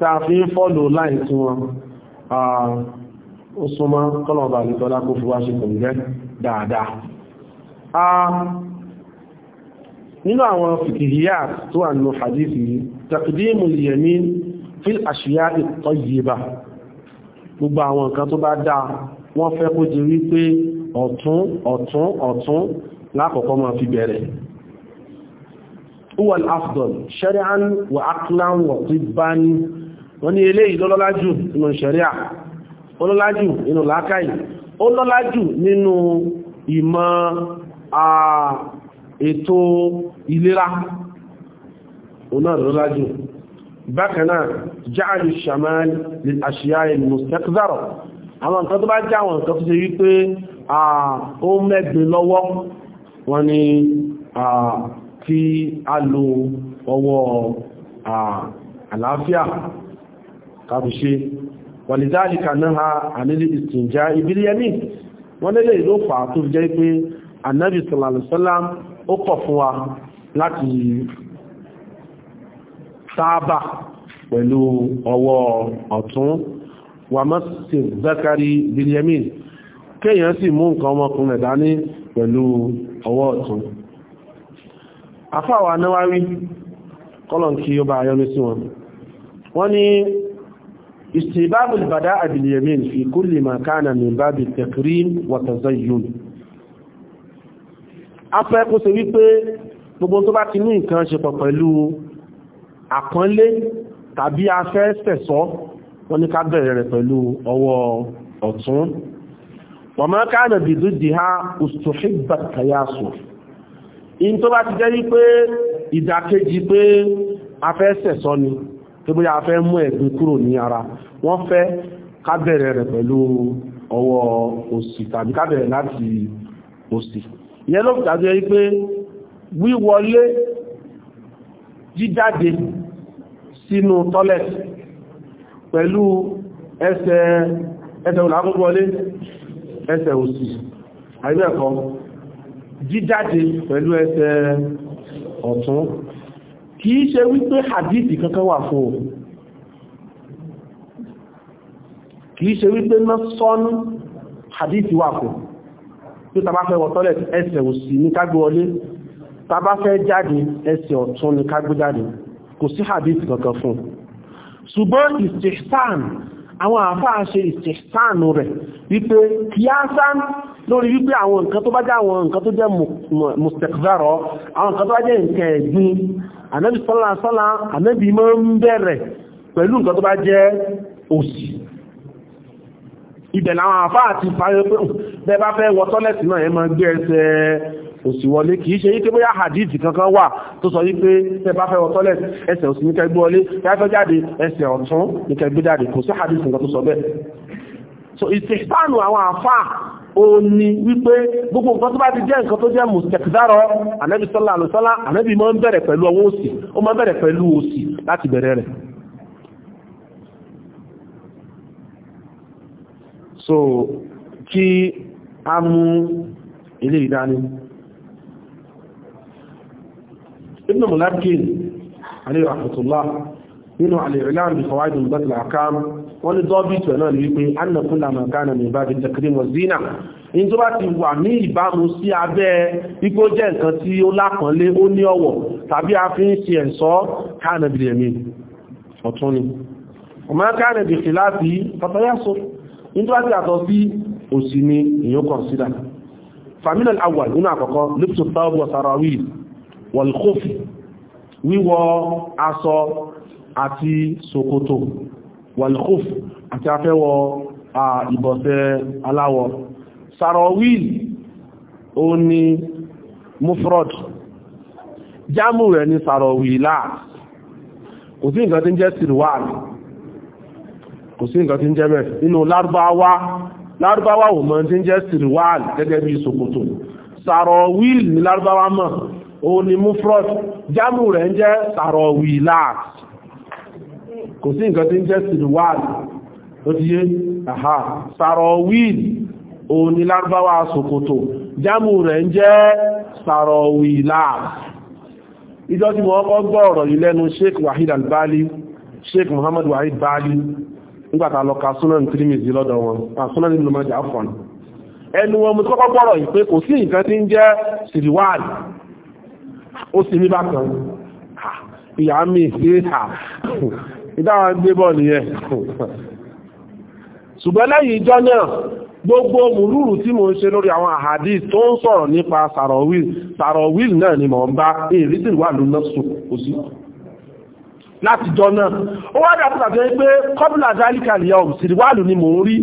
tá a fi ń fọ́lò láì tí wọn ó súnmọ́ kọ́lọ̀bà nìtọ́lá kó fi wá ṣe kò jẹ́ dáadáa nínú àwọn fìkìhíyà tó wà nínú hadithi lákọ̀ọ́kọ́ máa fi bẹ̀rẹ̀ huwa al-afdal shari'an wa aqlan wa tibban wọ́n ní eléyìí lọ́lọ́lájù nínú sharia olọ́lájù nínú làákàyè olọ́lájù nínú ìmọ̀ ètò ìlera olọ́lájù bákanáà jáàlù shamal lil ashiya'i al-mustaqdara àwọn nǹkan tó bá já àwọn nǹkan tó ṣe wípé ó mẹ́gbẹ̀ lọ́wọ́ wọ́n ní tí a lo ọwọ́ àlàáfíà kàbùṣe wàlìdáàlìkà náà ànílé ìsìnjá ìbílẹ̀mí wọ́n lélẹ̀ ìlú fà tó jẹ́ pé annabi sallallahu ó kọ̀ fún wa láti sáábà pẹ̀lú ọwọ́ ọ̀tún wà mọ́sí zakari ìbílẹ̀mí kéèyàn sì mú nǹkan ọmọkùnrin dání àfáwà náwárí kọ́lọ̀n kí ó bá yọ́nú sí wọn wọ́n ní istibabul bada'a bil yamin fi kulli ma kana min babi takrim wa tazayyun afẹ́ kó ṣe wípé gbogbo tó bá ti ní nǹkan ṣe pọ̀ pẹ̀lú àpọ́nlé tàbí afẹ́ sẹ̀sọ́ wọ́n ní ká bẹ̀rẹ̀ rẹ̀ pẹ̀lú ọwọ́ ọ̀tún wọ́n káàdà bìdú dìhá ustuhibbat tayasuf in tó bá ti jẹ́ wípé ìdàkejì pé a fẹ́ sẹ̀sọ́ ni tó bóyá a fẹ́ mú ẹ̀gbin kúrò ní ara wọ́n fẹ́ ká bẹ̀rẹ̀ rẹ̀ pẹ̀lú ọwọ́ òsì tàbí ká bẹ̀rẹ̀ láti òsì ìyẹn ló jíjáde pẹ̀lú ẹsẹ̀ ọ̀tún kìí ṣe wípé hadith kankan wà fún o kìí ṣe wípé náà sọ́nù hadith wà fún tí tàbá fẹ́ wọ tọ́lẹ̀ ẹsẹ̀ òsì ní kágbó wọlé tàbá fẹ́ jáde ẹsẹ̀ ọ̀tún ní kágbó jáde kò sí hadith kankan fún ṣùgbọ́n istihsan àwọn àfáà ṣe ìsẹ̀sánù rẹ̀ wípé kíyásán lórí wípé àwọn nǹkan tó bá jẹ́ àwọn nǹkan tó jẹ́ mustakzaro àwọn nǹkan tó bá jẹ́ nǹkan ẹ̀gbin ànábì sọ́lá ànábì máa ń bẹ̀rẹ̀ pẹ̀lú nǹkan tó bá jẹ́ òsì ibẹ̀ làwọn àfáà ti parí pé bẹ́ẹ̀ bá fẹ́ wọ tọ́lẹ̀tì náà ẹ máa gbé òsì wọlé kìí ṣe yíké bóyá hadithi kankan wà tó sọ wípé tẹ́ bá fẹ́ wọ toilet ẹsẹ̀ òsì ní kẹgbẹ́ wọlé tẹ́fẹ́ jáde ẹsẹ̀ ọ̀tún ní kẹgbẹ́ jáde kò sí hadithi nǹkan tó sọ bẹ́ẹ̀ so ìsìnkánù àwọn àfà ó ní wípé gbogbo nǹkan tó bá ti jẹ́ nǹkan tó jẹ́ mùsẹ̀kìdárọ̀ ànábì sọ́lá àlùsọ́lá ànábì máa ń bẹ̀rẹ̀ pẹ̀lú ọwọ́ òsì ó máa ń bẹ̀rẹ̀ pẹ̀lú òsì láti bẹ̀rẹ̀ rẹ̀ so kí a mú ilé ìdání ibn mulakin alayhi rahmatullah nínú al-i'lam bi fawaid al-bad al-ahkam wọ́n ní dọ́bìtì náà ní wípé anna kulla ma kana min bab at-takrim wa zina in tó bá ti wà ní ìbámu sí abẹ́ igbó jẹ́ nǹkan tí ó lápọ̀nlé ó ní ọ̀wọ̀ tàbí a fi ń ṣe ẹ̀ṣọ́ kana bil yamin ọ̀tún ni ọmọ kana bi khilafi fatayaso in tó bá ti àtọ̀ sí òsì ni èèyàn consider famina al-awwal nínú àkọ́kọ́ lipsu thawb wa sarawil wọ̀lkófì wíwọ aṣọ àti ṣòkòtò wọ̀lkófì àti afẹ́wọ ìbọ̀sẹ̀ aláwọ̀ sarawil ó ní mufrod jámù rẹ̀ ní sarawila kò sí nǹkan tí ń jẹ́ sirwal kò sí nǹkan tí ń jẹ́ bẹ́ẹ̀ nínú lárúbáwá lárúbáwá ò mọ̀ tí ń jẹ́ sirwal gẹ́gẹ́ bí ṣòkòtò sarawil ní lárúbáwá mọ̀ òun jamure nje jámù rẹ̀ ń jẹ́ sàrọ̀wìláàt kò sí nǹkan tí ń jẹ́ ó ti yé àhá sokoto jámù rẹ̀ ń jẹ́ ìjọ tí wọ́n kọ́ sheikh wahid albali sheikh muhammad wahid bali nígbàtà lọ ka sunan tirimizi lọ́dọ̀ wọn sunan ibn majah afọ́n ẹnu wọn mú kọ́kọ́ gbọ́rọ̀ yìí kò sí nǹkan tí ń ó sì rí bákan ìyá mi sí à ìdáwọn gbébọ̀ nìyẹn ṣùgbọ́n lẹ́yìn ìjọ náà gbogbo mùlúrù tí mo ń ṣe lórí àwọn àhàdí tó ń sọ̀rọ̀ nípa sàrọ̀wìl sàrọ̀wìl náà ni mò ń bá èrí sì wà lónà sùn kò sí láti jọ náà ó wá dà pàtàkì pé kọ́bùlà dálíkàlì ọ̀hún sì wà lónìí mò ń rí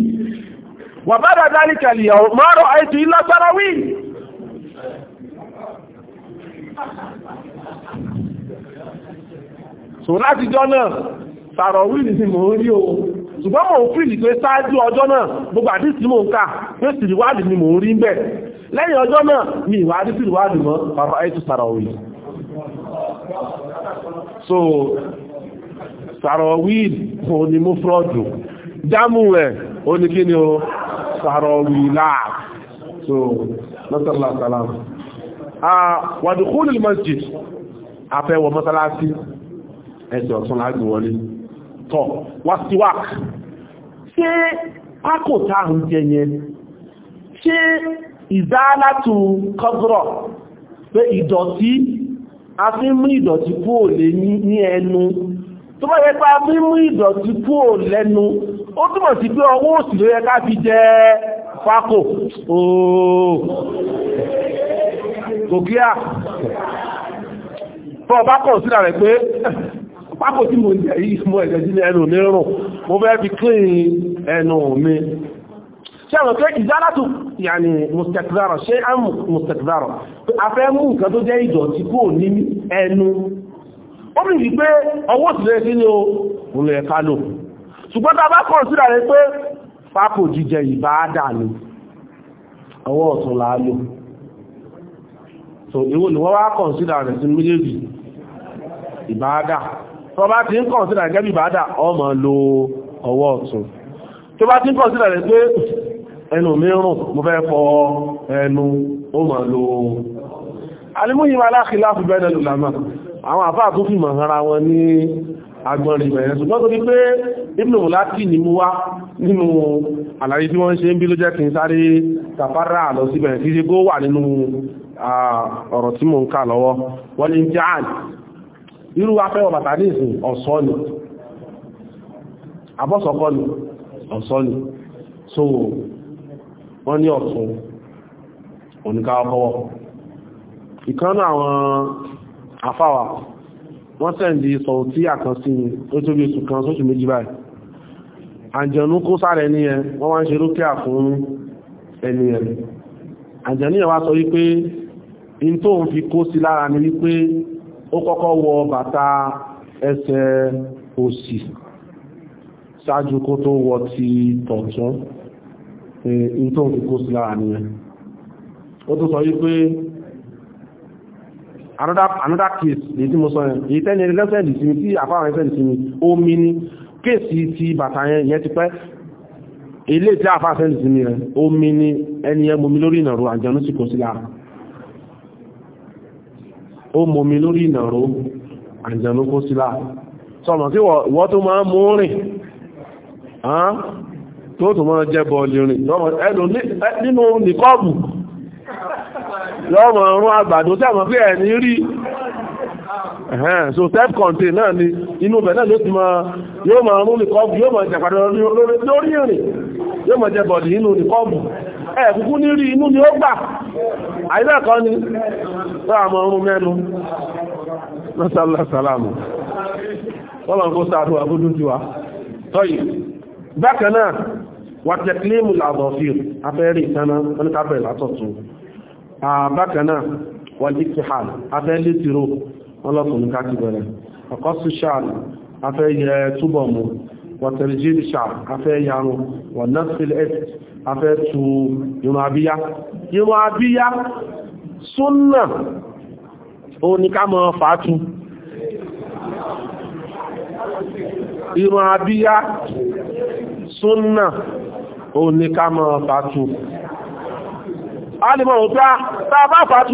wà dálíkàlì ọ̀hún márọ̀ so láti jọ náà sàrọ̀wí ní sí mò ń rí o ṣùgbọ́n mò ń fìlì ọjọ́ náà gbogbo àdísì mò ń kà pé sìrìwádì ni mò ń rí bẹ̀ lẹ́yìn ọjọ́ náà mi ìwà mọ́ so ní mú fúrọ́dù jámù ẹ̀ ó ní kí ni o láà so lọ́sọ̀lá sàlámù Ah, wàdùkúlù masjid afẹ́wọ̀ mọ́sálásí ẹsẹ̀ ọ̀tún lágbè wọlé tọ́ wàsíwák ṣé pákò táàrùn jẹ yẹn ṣé ìzálátù kọ́gọ́rọ̀ pé ìdọ̀tí a fi mú ìdọ̀tí kúò lè ní ẹnu tó bá yẹ pé a fi mú ìdọ̀tí kúò lẹ́nu ó túnmọ̀ sí pé ọwọ́ òsì ló yẹ ká fi jẹ pákò ooo kò kí á fọ́ ọba kọ̀ sílẹ̀ rẹ̀ pé pápò tí mo jẹ́ yìí mọ́ ẹ̀jẹ̀ sí ẹnu mi rùn mo fẹ́ fi clean ẹnu mi ṣe àwọn pé ìjálátù yàní mustakdaro ṣe án mustakdaro a fẹ́ mú nǹkan tó jẹ́ ìdọ̀tí kò ní ẹnu ó bí i pé ọwọ́ sílẹ̀ sí ni ó lè ká lò ṣùgbọ́n tá bá kọ̀ sílẹ̀ rẹ̀ pé pápò jíjẹ ìbáadà ni ọwọ́ ọ̀tún láálò so ìwò ni wọ́n wá kọ̀nsídà rẹ̀ sí méjèèjì ìbáadà tó bá ti ń kọ̀nsídà gẹ́bí ìbáadà ọmọ lo ọwọ́ ọ̀tún tó bá ti ń kọ̀nsídà rẹ̀ pé ẹnu mìírùn mo fẹ́ fọ ẹnu ó mọ̀ lo alimuyi wa aláàkìlá fi bẹ́ẹ̀ lẹ́lù lámà àwọn àfáà tó fi mọ̀ ara wọn ní agbọ̀nrin ọ̀rọ̀ tí mo ń ká lọ́wọ́ wọ́n ni jihad irú afẹ́wọ̀ bàtà ní ìsìn ọ̀sọ́ ni ni ọ̀sọ́ ni so wọ́n ní ọ̀tún oníkáwọ́kọ́wọ́ ìkánú àwọn afáwà àkànsí tó bí kan sóṣù in tó ń fi kó sí lára ní wípé ó kọ́kọ́ wọ bàtà ẹsẹ̀ òsì ṣáájú kó tó wọ ti tọ̀tún in tó ń fi kó sí lára ní ẹ ó tó sọ wípé another case lè tí mo sọ yẹn èyí tẹ́ni lẹ́sẹ̀ lè tí àfáwọn ẹsẹ̀ lè sí mi omi ni kéèsì ti bàtà yẹn yẹn ti pẹ́ ilé tí àfáà sẹ́lì sí mi rẹ̀ omi ni ẹni ẹmọ mi lórí ìnàrò àjẹ́nú sí kò sí lára ó momi lórí ìnàró àjẹ̀nú kó sílá sọmọ̀ sí wọ́n tó máa mú rìn tó tó máa jẹ́ bọ́ọ̀lì rìn nínú nìkọ́bù lọ́mọ̀ ọ̀rún àgbàdo tẹ́mọ̀ pé so tep contain náà ni inú bẹ̀ náà ló ti máa yóò máa rún nìkọ́bù yóò máa jẹ́ ẹ̀kùnkú ní rí inú ni ó gbà àìlẹ́ẹ̀kọ́ ni láàmọ̀ ọrún mẹ́nu lọ́sàlọ́sàlámù tọ́lọ̀ kó sáàrù àgúdú ti wá tọ́yì bákanáà wà tẹ̀klímù làbọ̀fí afẹ́rí ìtaná oníkàfẹ́ látọ̀tún bákanáà wà díkì hàn afẹ́ létìró ọlọ́kùnrin káàkiri bẹ̀rẹ̀ ọkọ̀ sí sáàrù afẹ́ yẹ túbọ̀ mú wọ̀tẹ̀rẹ̀jìrì ṣàr afẹ́ yarun wọ̀n nọ́sìl ẹ̀t afẹ́ tu irun abíyá irun abíyá súnnà ó ní ká mọ́ fàátù irun abíyá súnnà ó ní ká mọ́ fàátù alìmọ̀ òpá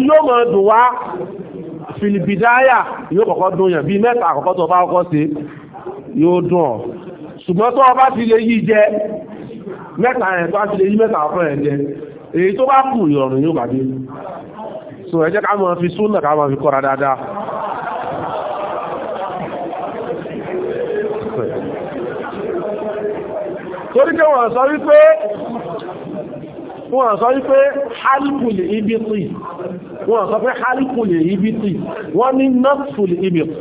yóò mọ̀ dùn wá fìlìbìdáyà yóò kọ̀kọ́ dùn yàn bí mẹ́ta àkọ́kọ́ tó bá kọ́kọ́ sí yóò dùn ọ̀ ṣùgbọ́n tó ọba ti lè yí jẹ mẹ́ta ẹ̀ tó ti lè yí mẹ́ta ọ̀fẹ́ ẹ̀ jẹ èyí tó bá kù ìrọ̀rùn yóò bàdé so ẹ jẹ́ ká mọ̀ fi súnà ká mọ̀ fi kọ́ra dáadáa torí pé wọ́n sọ wípé wọ́n sọ wípé hálìkùlì ibi tì wọ́n sọ pé hálìkùlì ibi tì wọ́n ní nọ́ọ̀tùlì ibi tì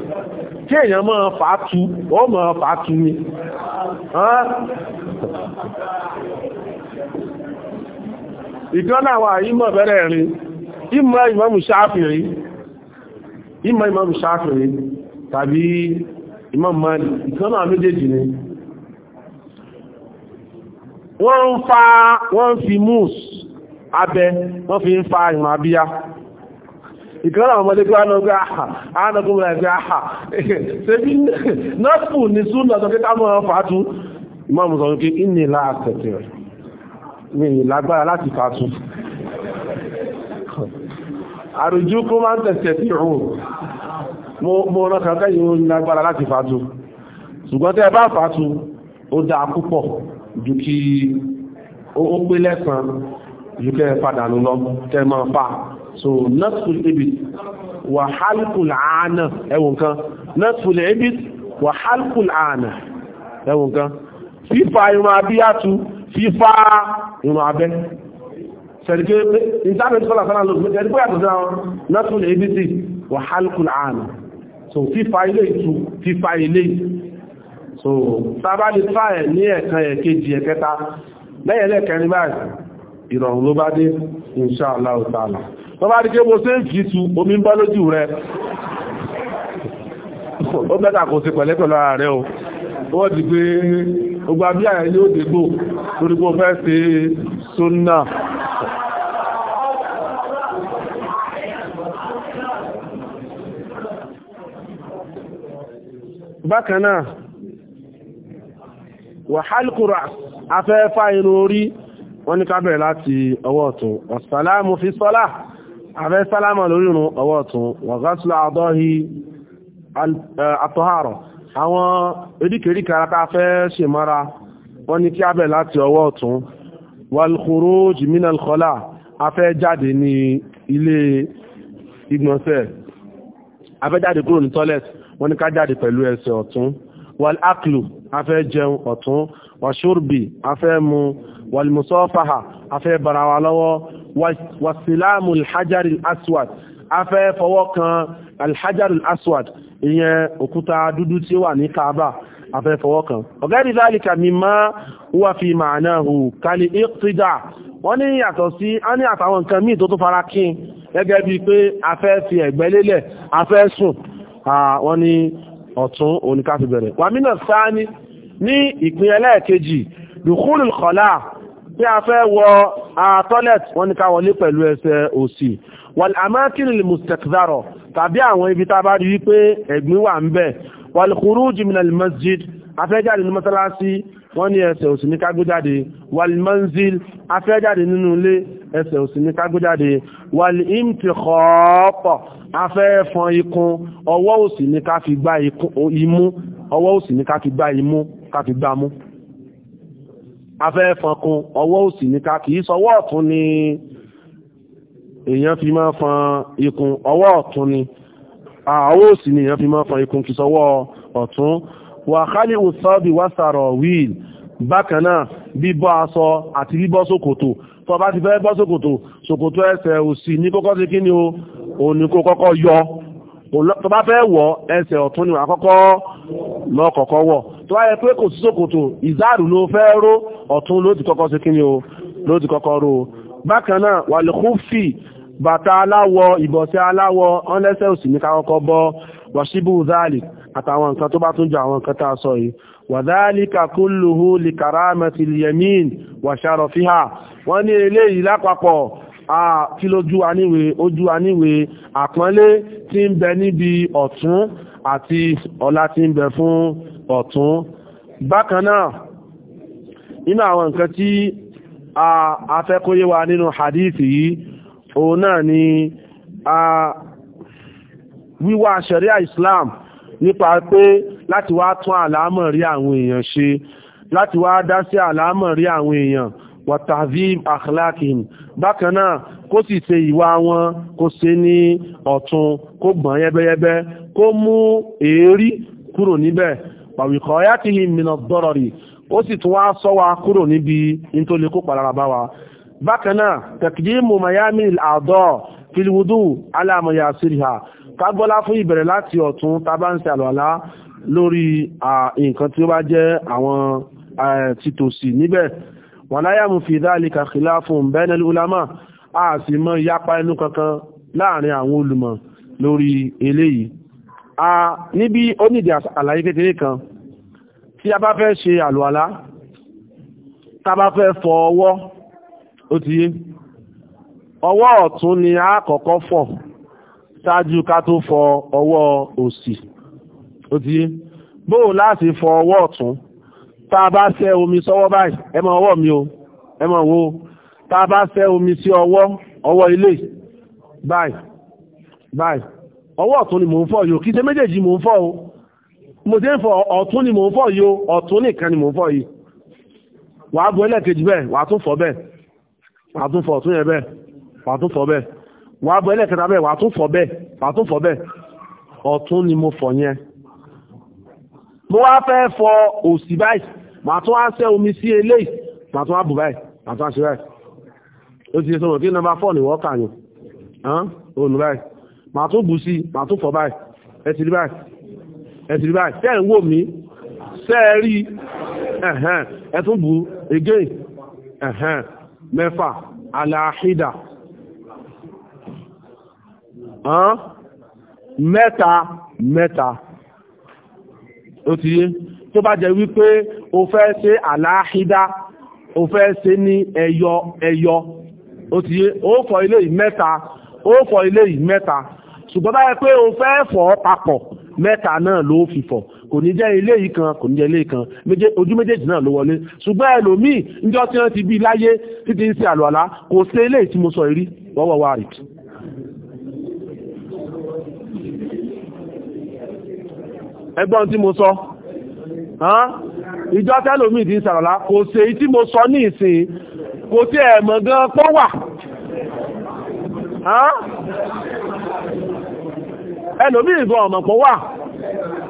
kí èèyàn máa fàátú ó máa fàátú ni ìkọ́nà àwọn àyímọ̀ bẹ̀rẹ̀ rí ìmọ̀ ìmámù Ṣáfi'í ìmọ̀ ìmámù Ṣáfi'í tàbí ìmámù Málì ìkọ́nà méjèèjì ni wọ́n ń fa wọ́n fi mùs abẹ wọ́n fi ń fa ìrìn àbíyá ìkọ́lá ọmọdé pé ánàgbé àhà ánàgbé ẹgbẹ́ àhà ṣebí nọ́ọ̀pù ní súnà tó kíkà mọ́ fàátù ìmọ̀mù sọ wípé ìní láàtẹ̀tẹ̀ mi lágbára láti fàátù àrùjú kó máa ń tẹ̀sẹ̀ sí ìrùn mo rán kankan yìí ó lágbára láti fàátù ṣùgbọ́n tẹ́ bá fàátù ó dáa púpọ̀ ju kí ó pé lẹ́sàn-án ju kẹ́ padà lọ kẹ́ máa fà á so nọ́tùl ibit wà hálùkùl àánà ẹwùn kan nọ́tùl ibit wà hálùkùl àánà ẹwùn kan fífa irun abíyàtú fífa irun abẹ́ sẹ̀dìké ìtàbí sọ́lá sọ́lá lọ sẹ̀dìké yàtọ̀ sí àwọn nọ́tùl ibit wà hálùkùl àánà so fífa ilé ìtú fífa ilé so sábà lè fà ẹ̀ ní ẹ̀kan ẹ̀kejì ẹ̀kẹta lẹ́yẹ̀lẹ́kẹrin báyìí ìrọ̀rùn ló bá dé inṣáàlá ta'ala tó bá rí pé mo ṣe ń kìí tu omi ń bá lójú rẹ ó bẹ́ta kò sí pẹ̀lẹ́ pẹ̀lú ara rẹ o wọ́n ti pé ogbà bí àyà yóò dégbò lórí fẹ́ ṣe sónà bákan náà afẹ́fà irun orí wọ́n ní ká láti ọwọ́ ọ̀tún ọ̀sàlámù fi sọ́lá àfẹ́ sálámà lórí irun ọwọ́ ọ̀tún wọ̀gásùlá àdọ́hì àtọ́hàrọ̀ àwọn eríkèríkà tá fẹ́ ṣe mara wọ́n ní kí a bẹ̀rẹ̀ láti ọwọ́ ọ̀tún wal-khuruj min al-khala afẹ́ jáde ní ilé ìgbọ̀nsẹ̀ afẹ́ jáde kúrò ní toilet wọ́n ní ká jáde pẹ̀lú ẹsẹ̀ ọ̀tún wal afẹ́ jẹun ọ̀tún wal afẹ́ mu wal afẹ́ bara wa lọ́wọ́ wàsílámù alhajaril aswad afẹ́ fọwọ́ kan alhajaril aswad ìyẹn òkúta dúdú tí ó wà ní kaaba afẹ́ fọwọ́ kan ọ̀gẹ́rì dhalika mimma huwa fi ma'nahu kàlì iqtida wọ́n ní yàtọ̀ sí a ní àtàwọn nǹkan míì tó tó fara kín gẹ́gẹ́ bí pé afẹ́ fi ẹ̀gbẹ́ lélẹ̀ afẹ́ sùn wọ́n ní ọ̀tún oníkàfi bẹ̀rẹ̀ wàmínà sáà ní ìpín ẹlẹ́ẹ̀kejì dukhulul khala pé afẹ́ wọ toilet wọ́n ní ká wọlé pẹ̀lú ẹsẹ̀ òsì wal amákìnrin mustakdaro tàbí àwọn ibi tá a bá rí wípé ẹ̀gbin wà ń bẹ̀ wal khuruj minal masjid afẹ́jáde ní mọ́sálásí wọ́n ní ẹsẹ̀ òsì ní kágbójáde wal manzil afẹ́jáde nínú ilé ẹsẹ̀ òsì ní kágbójáde wal imtikhọ́pọ̀ afẹ́fọn ikun ọwọ́ òsì ní ká fi gbá imú ọwọ́ òsì ní ká fi gbá afẹ́ fọnkún ọwọ́ òsì níka kìí sọwọ́ ọ̀tún ni èèyàn fi máa fan ikùn ọwọ́ ọ̀tún ni ọwọ́ òsì ni èèyàn fi máa fan ikùn kìí sọwọ́ ọ̀tún wàhálì òsọ́bì wásàrọ̀ wíìl bákan náà bíbọ́ aṣọ àti bíbọ́ ṣòkòtò tó bá ti fẹ́ bọ́ ṣòkòtò ṣòkòtò ẹsẹ̀ òsì ní kọ́kọ́ ni o òní kó kọ́kọ́ tó bá fẹ́ wọ̀ ẹsẹ̀ ọ̀tún ni àkọ́kọ́ lọ́kọ̀ọ́kọ́ wọ̀ tó bá yẹ pé kò sí ṣòkòtò ìzáàrù ló fẹ́ ró ọ̀tún ló ti kọ́kọ́ sí kí ni o ró bákan wà lè kún fì bàtà aláwọ̀ ìbọ̀sẹ̀ aláwọ̀ ọlẹ́sẹ̀ òsì ní kákọ́kọ́ bọ́ wàṣíbù záàlì àtàwọn nǹkan tó bá tún jọ àwọn nǹkan tá a sọ yìí wàdálíkà kúlùhù lìkàràmẹ́tìlìyẹ̀mín wàṣàrọ̀fíhà wọ́n ní eléyìí lápapọ̀ kí lójú aníwe ojú aníwe àpọ́nlé tí ń bẹ níbi ọ̀tún àti ọlá tí ń bẹ fún ọ̀tún bákan náà nínú àwọn nǹkan tí a fẹ́ wa nínú hadith yìí òun náà ni a wíwá sharia islam nípa pé láti wá tún àlámọ̀rí àwọn èèyàn ṣe láti wá dá sí àlámọ̀rí àwọn èèyàn wàtàzím àkìláàkìm bákan náà kó sì ṣe ìwà wọn kó ṣe ní ọ̀tún kó gbọ̀n yẹ́bẹ́yẹ́bẹ́ kó mú èérí kúrò níbẹ̀ pàwìkọ́ yàtìhì mìíràn dọ́rọ̀ rí ó sì tún wá sọ wa kúrò níbi nítorí kó palára bá wa bákan náà tẹ̀kìdímù miami àdọ́ filiwudu alamọ̀yà síríà kágbọ́lá fún ìbẹ̀rẹ̀ láti ọ̀tún tá àlọ́lá lórí nǹkan tí ó bá jẹ́ àwọn títòsí níbẹ̀ wàláyàmù fi dhalika khilafun bayna al-ulama a sì mọ́ ìyapa ẹnu kankan láàrin àwọn olùmọ̀ lórí eléyìí a níbi onídìí àlàyé kékeré kan tí a bá fẹ́ ṣe àlùwàlá tá bá fẹ́ fọ ọwọ́ ó ti yé ọwọ́ ọ̀tún ni a kọ́kọ́ fọ̀ ṣáájú ká tó fọ ọwọ́ òsì ó ti yé bóò láti fọ ọwọ́ ọ̀tún tá a bá fẹ́ omi sọ́wọ́ báyìí ẹ mọ ọwọ́ mi o ẹ wo tá a bá fẹ́ omi sí ọwọ́ ọwọ́ ilé báyìí báyìí ọwọ́ ọ̀tún ni mò ń fọ̀ yìí kí ṣe méjèèjì mò ń fọ̀ o mo ti ń fọ̀ ọ̀tún ni mò ń fọ̀ yìí o ọ̀tún nìkan ni mò ń fọ̀ yìí wàá bu ẹlẹ́ẹ̀kejì bẹ́ẹ̀ wàá tún fọ̀ bẹ́ẹ̀ wàá tún fọ̀ ọ̀tún yẹn bẹ́ẹ̀ wàá tún fọ̀ bẹ́ẹ̀ wàá bu ẹlẹ́ẹ̀kẹta bẹ́ẹ̀ wàá tún fọ̀ bẹ́ẹ̀ wàá tún fọ̀ bẹ́ẹ̀ ọ̀tún ni mo fọ̀ yẹn mo wá fẹ́ fọ̀ òsì báyìí màá tún wá sẹ́ omi sí eléyìí màá tún wá bù báyìí màá tún wá ṣe báyìí ó ti sọ̀rọ̀ kí nọmba fọ́ ni wọ́n kà yín hàn òun báyìí màá tún bù sí màá tún fọ́ báyìí ẹ ti rí báyìí ẹ ti rí báyìí tẹ́ ń wò mí tẹ́ ẹ rí ẹ tún bù again mẹ́fà aláhídà mẹ́ta mẹ́ta ó ti yé tó bá jẹ́ wípé o fẹ́ ṣe àláhídá o fẹ́ ṣe ní ẹyọ ẹyọ o ti o fọ ilé yìí mẹ́ta ó fọ ilé yìí mẹ́ta ṣùgbọ́n báyẹ pé o fẹ́ fọ̀ papọ̀ mẹ́ta náà ló fi fọ̀ kò ní jẹ́ ilé yìí kan kò ní jẹ́ ilé yìí kan ojú méjèèjì náà ló wọlé ṣùgbọ́n ẹlòmíì níjọ́ tí wọ́n ti bí láyé títí ń ṣe àlùwàlá kò ṣe ilé tí mo sọ ìrí wọ́wọ́ wa rè. ẹgbọ́n tí mo sọ ìjọ tẹ́lòmí ti sàrọ̀lá kò ṣe tí mo sọ ní ìsìn kò tí ẹ̀mọ̀ gan pọ́ wà ẹlòmí ìbọn ọ̀mọ̀ pọ̀ wà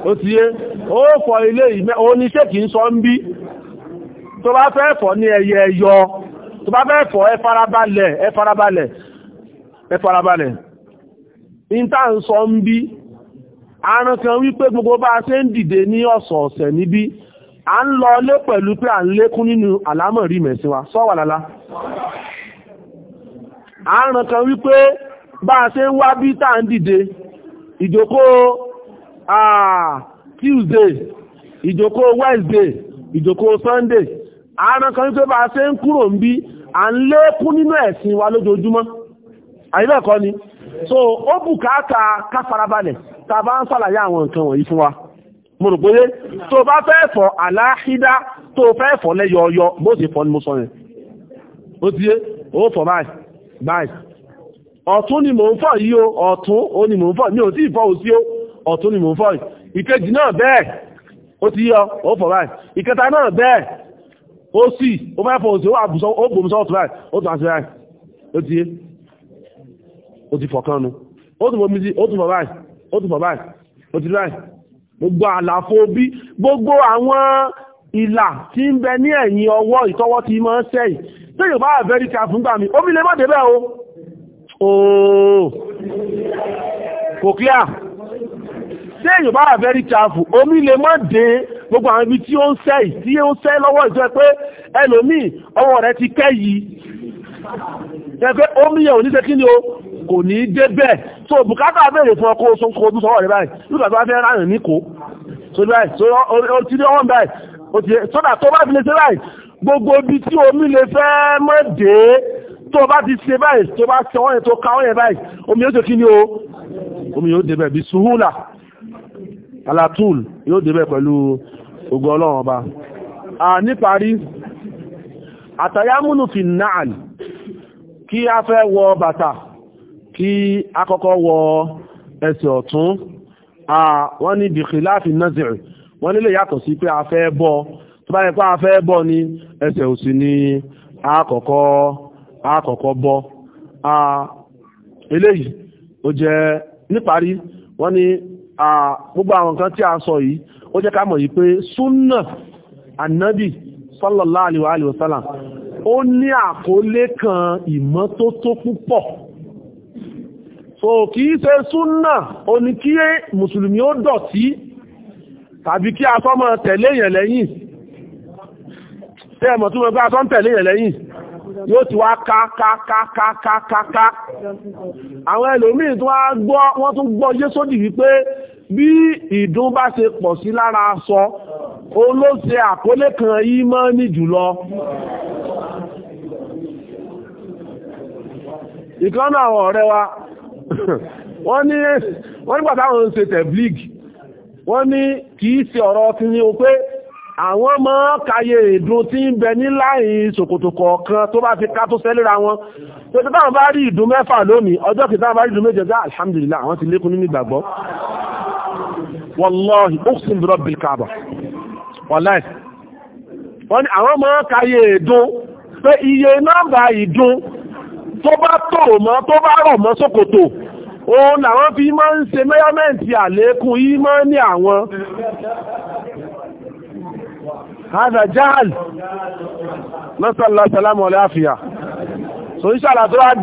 ó ti yé ó fọ ilé ìmẹ́ oníṣẹ́ kìí sọ ń bí tó bá fẹ́ fọ́ ní ẹyẹ ẹyọ tó bá fẹ́ fọ́ ẹ farabalẹ̀ ẹ àrùn kan wípé gbogbo bá ṣe ń dìde ní ọ̀sọ̀ọ̀sẹ̀ níbí à ń lọ lé pẹ̀lú pé à ń lékún nínú àlámọ̀rí mẹ̀sìn wa sọ́wà lálá àrùn kan wípé bá ṣe ń wá bí tá à ń dìde ìjókòó Tuesday ìjókòó Wednesday ìjókòó Sunday àrùn kan wípé bá ṣe ń kúrò ń bí à ń lékún nínú ẹ̀sìn wa lójoojúmọ́ àyíbẹ̀kọ́ ni so ó bùkátà káfarabalẹ̀ ta bá ń sàlàyé àwọn nǹkan wọ̀nyí fún wa mo rò pé tó bá fẹ́ fọ̀ aláhídá tó fẹ́ fọ̀ lẹ́yọọyọ bó ti fọ̀ ni mo sọ yẹn ó ti yé ó fọ̀ báyìí báyìí ọ̀tún ni mò ń fọ̀ yìí o ọ̀tún ó ni mò ń fọ̀ ní òtí ìfọ̀ òsí o ọ̀tún ni mò ń fọ̀ yìí ìkejì náà ti yọ ó tún àṣẹ báyìí ó ó tún fọ̀ báyìí ó tún fọ̀ báyìí ó ti báyìí gbogbo àlàfo bí gbogbo àwọn ìlà tí ń bẹ ní ẹ̀yìn ọwọ́ ìtọwọ́ ti mọ́ sẹ́yìn tí yóò bá àbẹ́rí ká fún gbàmí omi lè mọ́dé bẹ́ o kò clear tí yóò bá àbẹ́rí ká fún omi lè mọ́dé gbogbo àwọn ibi tí ó ń sẹ́yìn tí ó ń sẹ́ lọ́wọ́ ìjọ pé ẹlòmíì ọwọ́ rẹ̀ ti kẹ́ yìí ẹgbẹ́ omi yẹ̀ ò ní kò ní débẹ̀ so bùkátà bèèrè fún ọkọ̀ oṣù kò tún sọ́wọ́ rẹ̀ báyìí nígbà tó bá fẹ́ ráyìn so so ó ti rí ọwọ́n báyìí ó ti sọ́dà tó bá fi lè ṣe báyìí gbogbo ibi tí omi lè fẹ́ mọ́ dé tó bá ti ṣe báyìí tó bá ṣe wọ́n yẹn tó ka wọ́n yẹn báyìí omi yóò ṣe kí ni o omi yóò débẹ̀ bí suhula alatul yóò débẹ̀ pẹ̀lú ogun ọlọ́run ọba níparí àtàyámúnù fi náà kí a fẹ́ wọ bàtà kí akọ́kọ́ wọ ẹsẹ̀ ọ̀tún wọ́n ní bìkì láàfin nazir wọ́n nílé yàtọ̀ sí pé a fẹ́ bọ́ tó bá yẹ pé a fẹ́ bọ́ ní ẹsẹ̀ òsì ní akọ́kọ́ akọ́kọ́ bọ́ eléyìí ó jẹ́ níparí wọ́n ní gbogbo àwọn nǹkan tí a sọ yìí ó jẹ́ ká mọ̀ yìí pé súnà ànábì sallallahu alaihi wa sallam ó ní àkólé kan ìmọ́tótó púpọ̀ so kìí ṣe súnnà o ní kí mùsùlùmí ó dọ̀tí tàbí kí asọ́mọ tẹ̀lé yẹn lẹ́yìn tẹ́ ẹ̀mọ̀ tí wọ́n bá asọ́m tẹ̀lé yẹn lẹ́yìn yóò ti wá ká ká ká ká ká ká ká àwọn ẹlòmíì tó gbọ́ wọ́n tún gbọ́ yé sódì wọ́n ní wọ́n nígbà táwọn ń ṣe tẹ̀blíg wọ́n ní kìí ṣe ọ̀rọ̀ ti ní o pé àwọn ọmọ kàyè ìdun tí ń bẹ ní láàrin ṣòkòtò kọ̀ọ̀kan tó bá fi ká tó sẹ́lera wọn tó tó táwọn bá rí ìdun mẹ́fà lónìí ọjọ́ kìí alhamdulillah àwọn ti lékún nínú ìgbàgbọ́ wallahi uqsim bi rabbil kaaba wallahi wọ́n ní àwọn ọmọ kàyè ìdun pé iye nọ́mbà ìdun tó bá tòrò mọ́ tó bá rọ̀ mọ́ sókòtò òun làwọn fi máa ń ṣe mẹ́yọ́mẹ́ǹtì àlékún yìí máa ń ní àwọn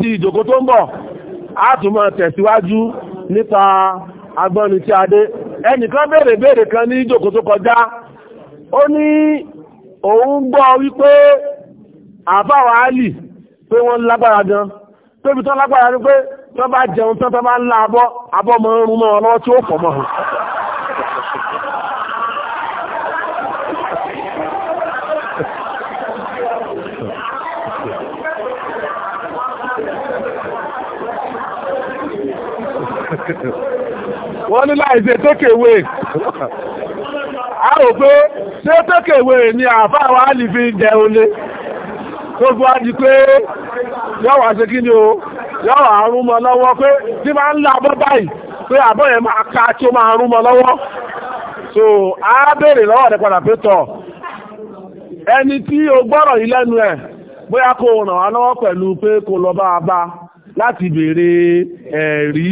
di ìjòkó a tún máa tẹ̀síwájú nípa agbọ́ni tí a dé ẹnìkan béèrè béèrè kan ní ìjòkó tó kọjá ó ní òun gbọ́ wípé àfáwà alì pé wọ́n lágbára gan tóbi tán lágbára ní pé tó bá jẹun tán tó bá ń lá abọ́ abọ́ mọ́ ń rún mọ́ tí ó fọ̀ mọ́ wọ́n ní láìsẹ̀ tókèwé a rò pé ṣé tókèwé ni àfáà wa lè fi jẹun kó bó á di pé yọ́wà ṣe kí ni o yọ́wà arúmọ lọ́wọ́ pé tí máa ń la abọ́ báyìí pé àbọ̀ yẹn máa ka tí ó máa lọ́wọ́ so a bèèrè lọ́wọ́ rẹ̀ padà pé tọ̀ ẹni tí o gbọ́rọ̀ yìí lẹ́nu ẹ̀ bóyá kò ràn wá lọ́wọ́ pẹ̀lú pé kò lọ bá bá láti béèrè ẹ̀rí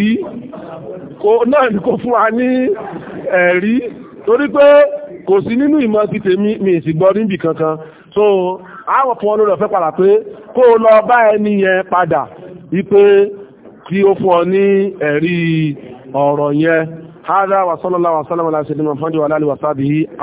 náà ni kò fún wa ní ẹ̀rí torí pé kò sí nínú ìmọ̀ ti tèmi mi sì gbọ́ kankan so àwọn fún ọ lórí ọ̀fẹ́ padà pé kó o lọ bá ẹni yẹn padà wípé kí ó fún ọ ní ẹ̀rí ọ̀rọ̀ yẹn hádà wàsálọ́lá wàsálọ́mọ́lá ṣe ní mọ̀ fọ́njọ́ aláàlú wàsáàbí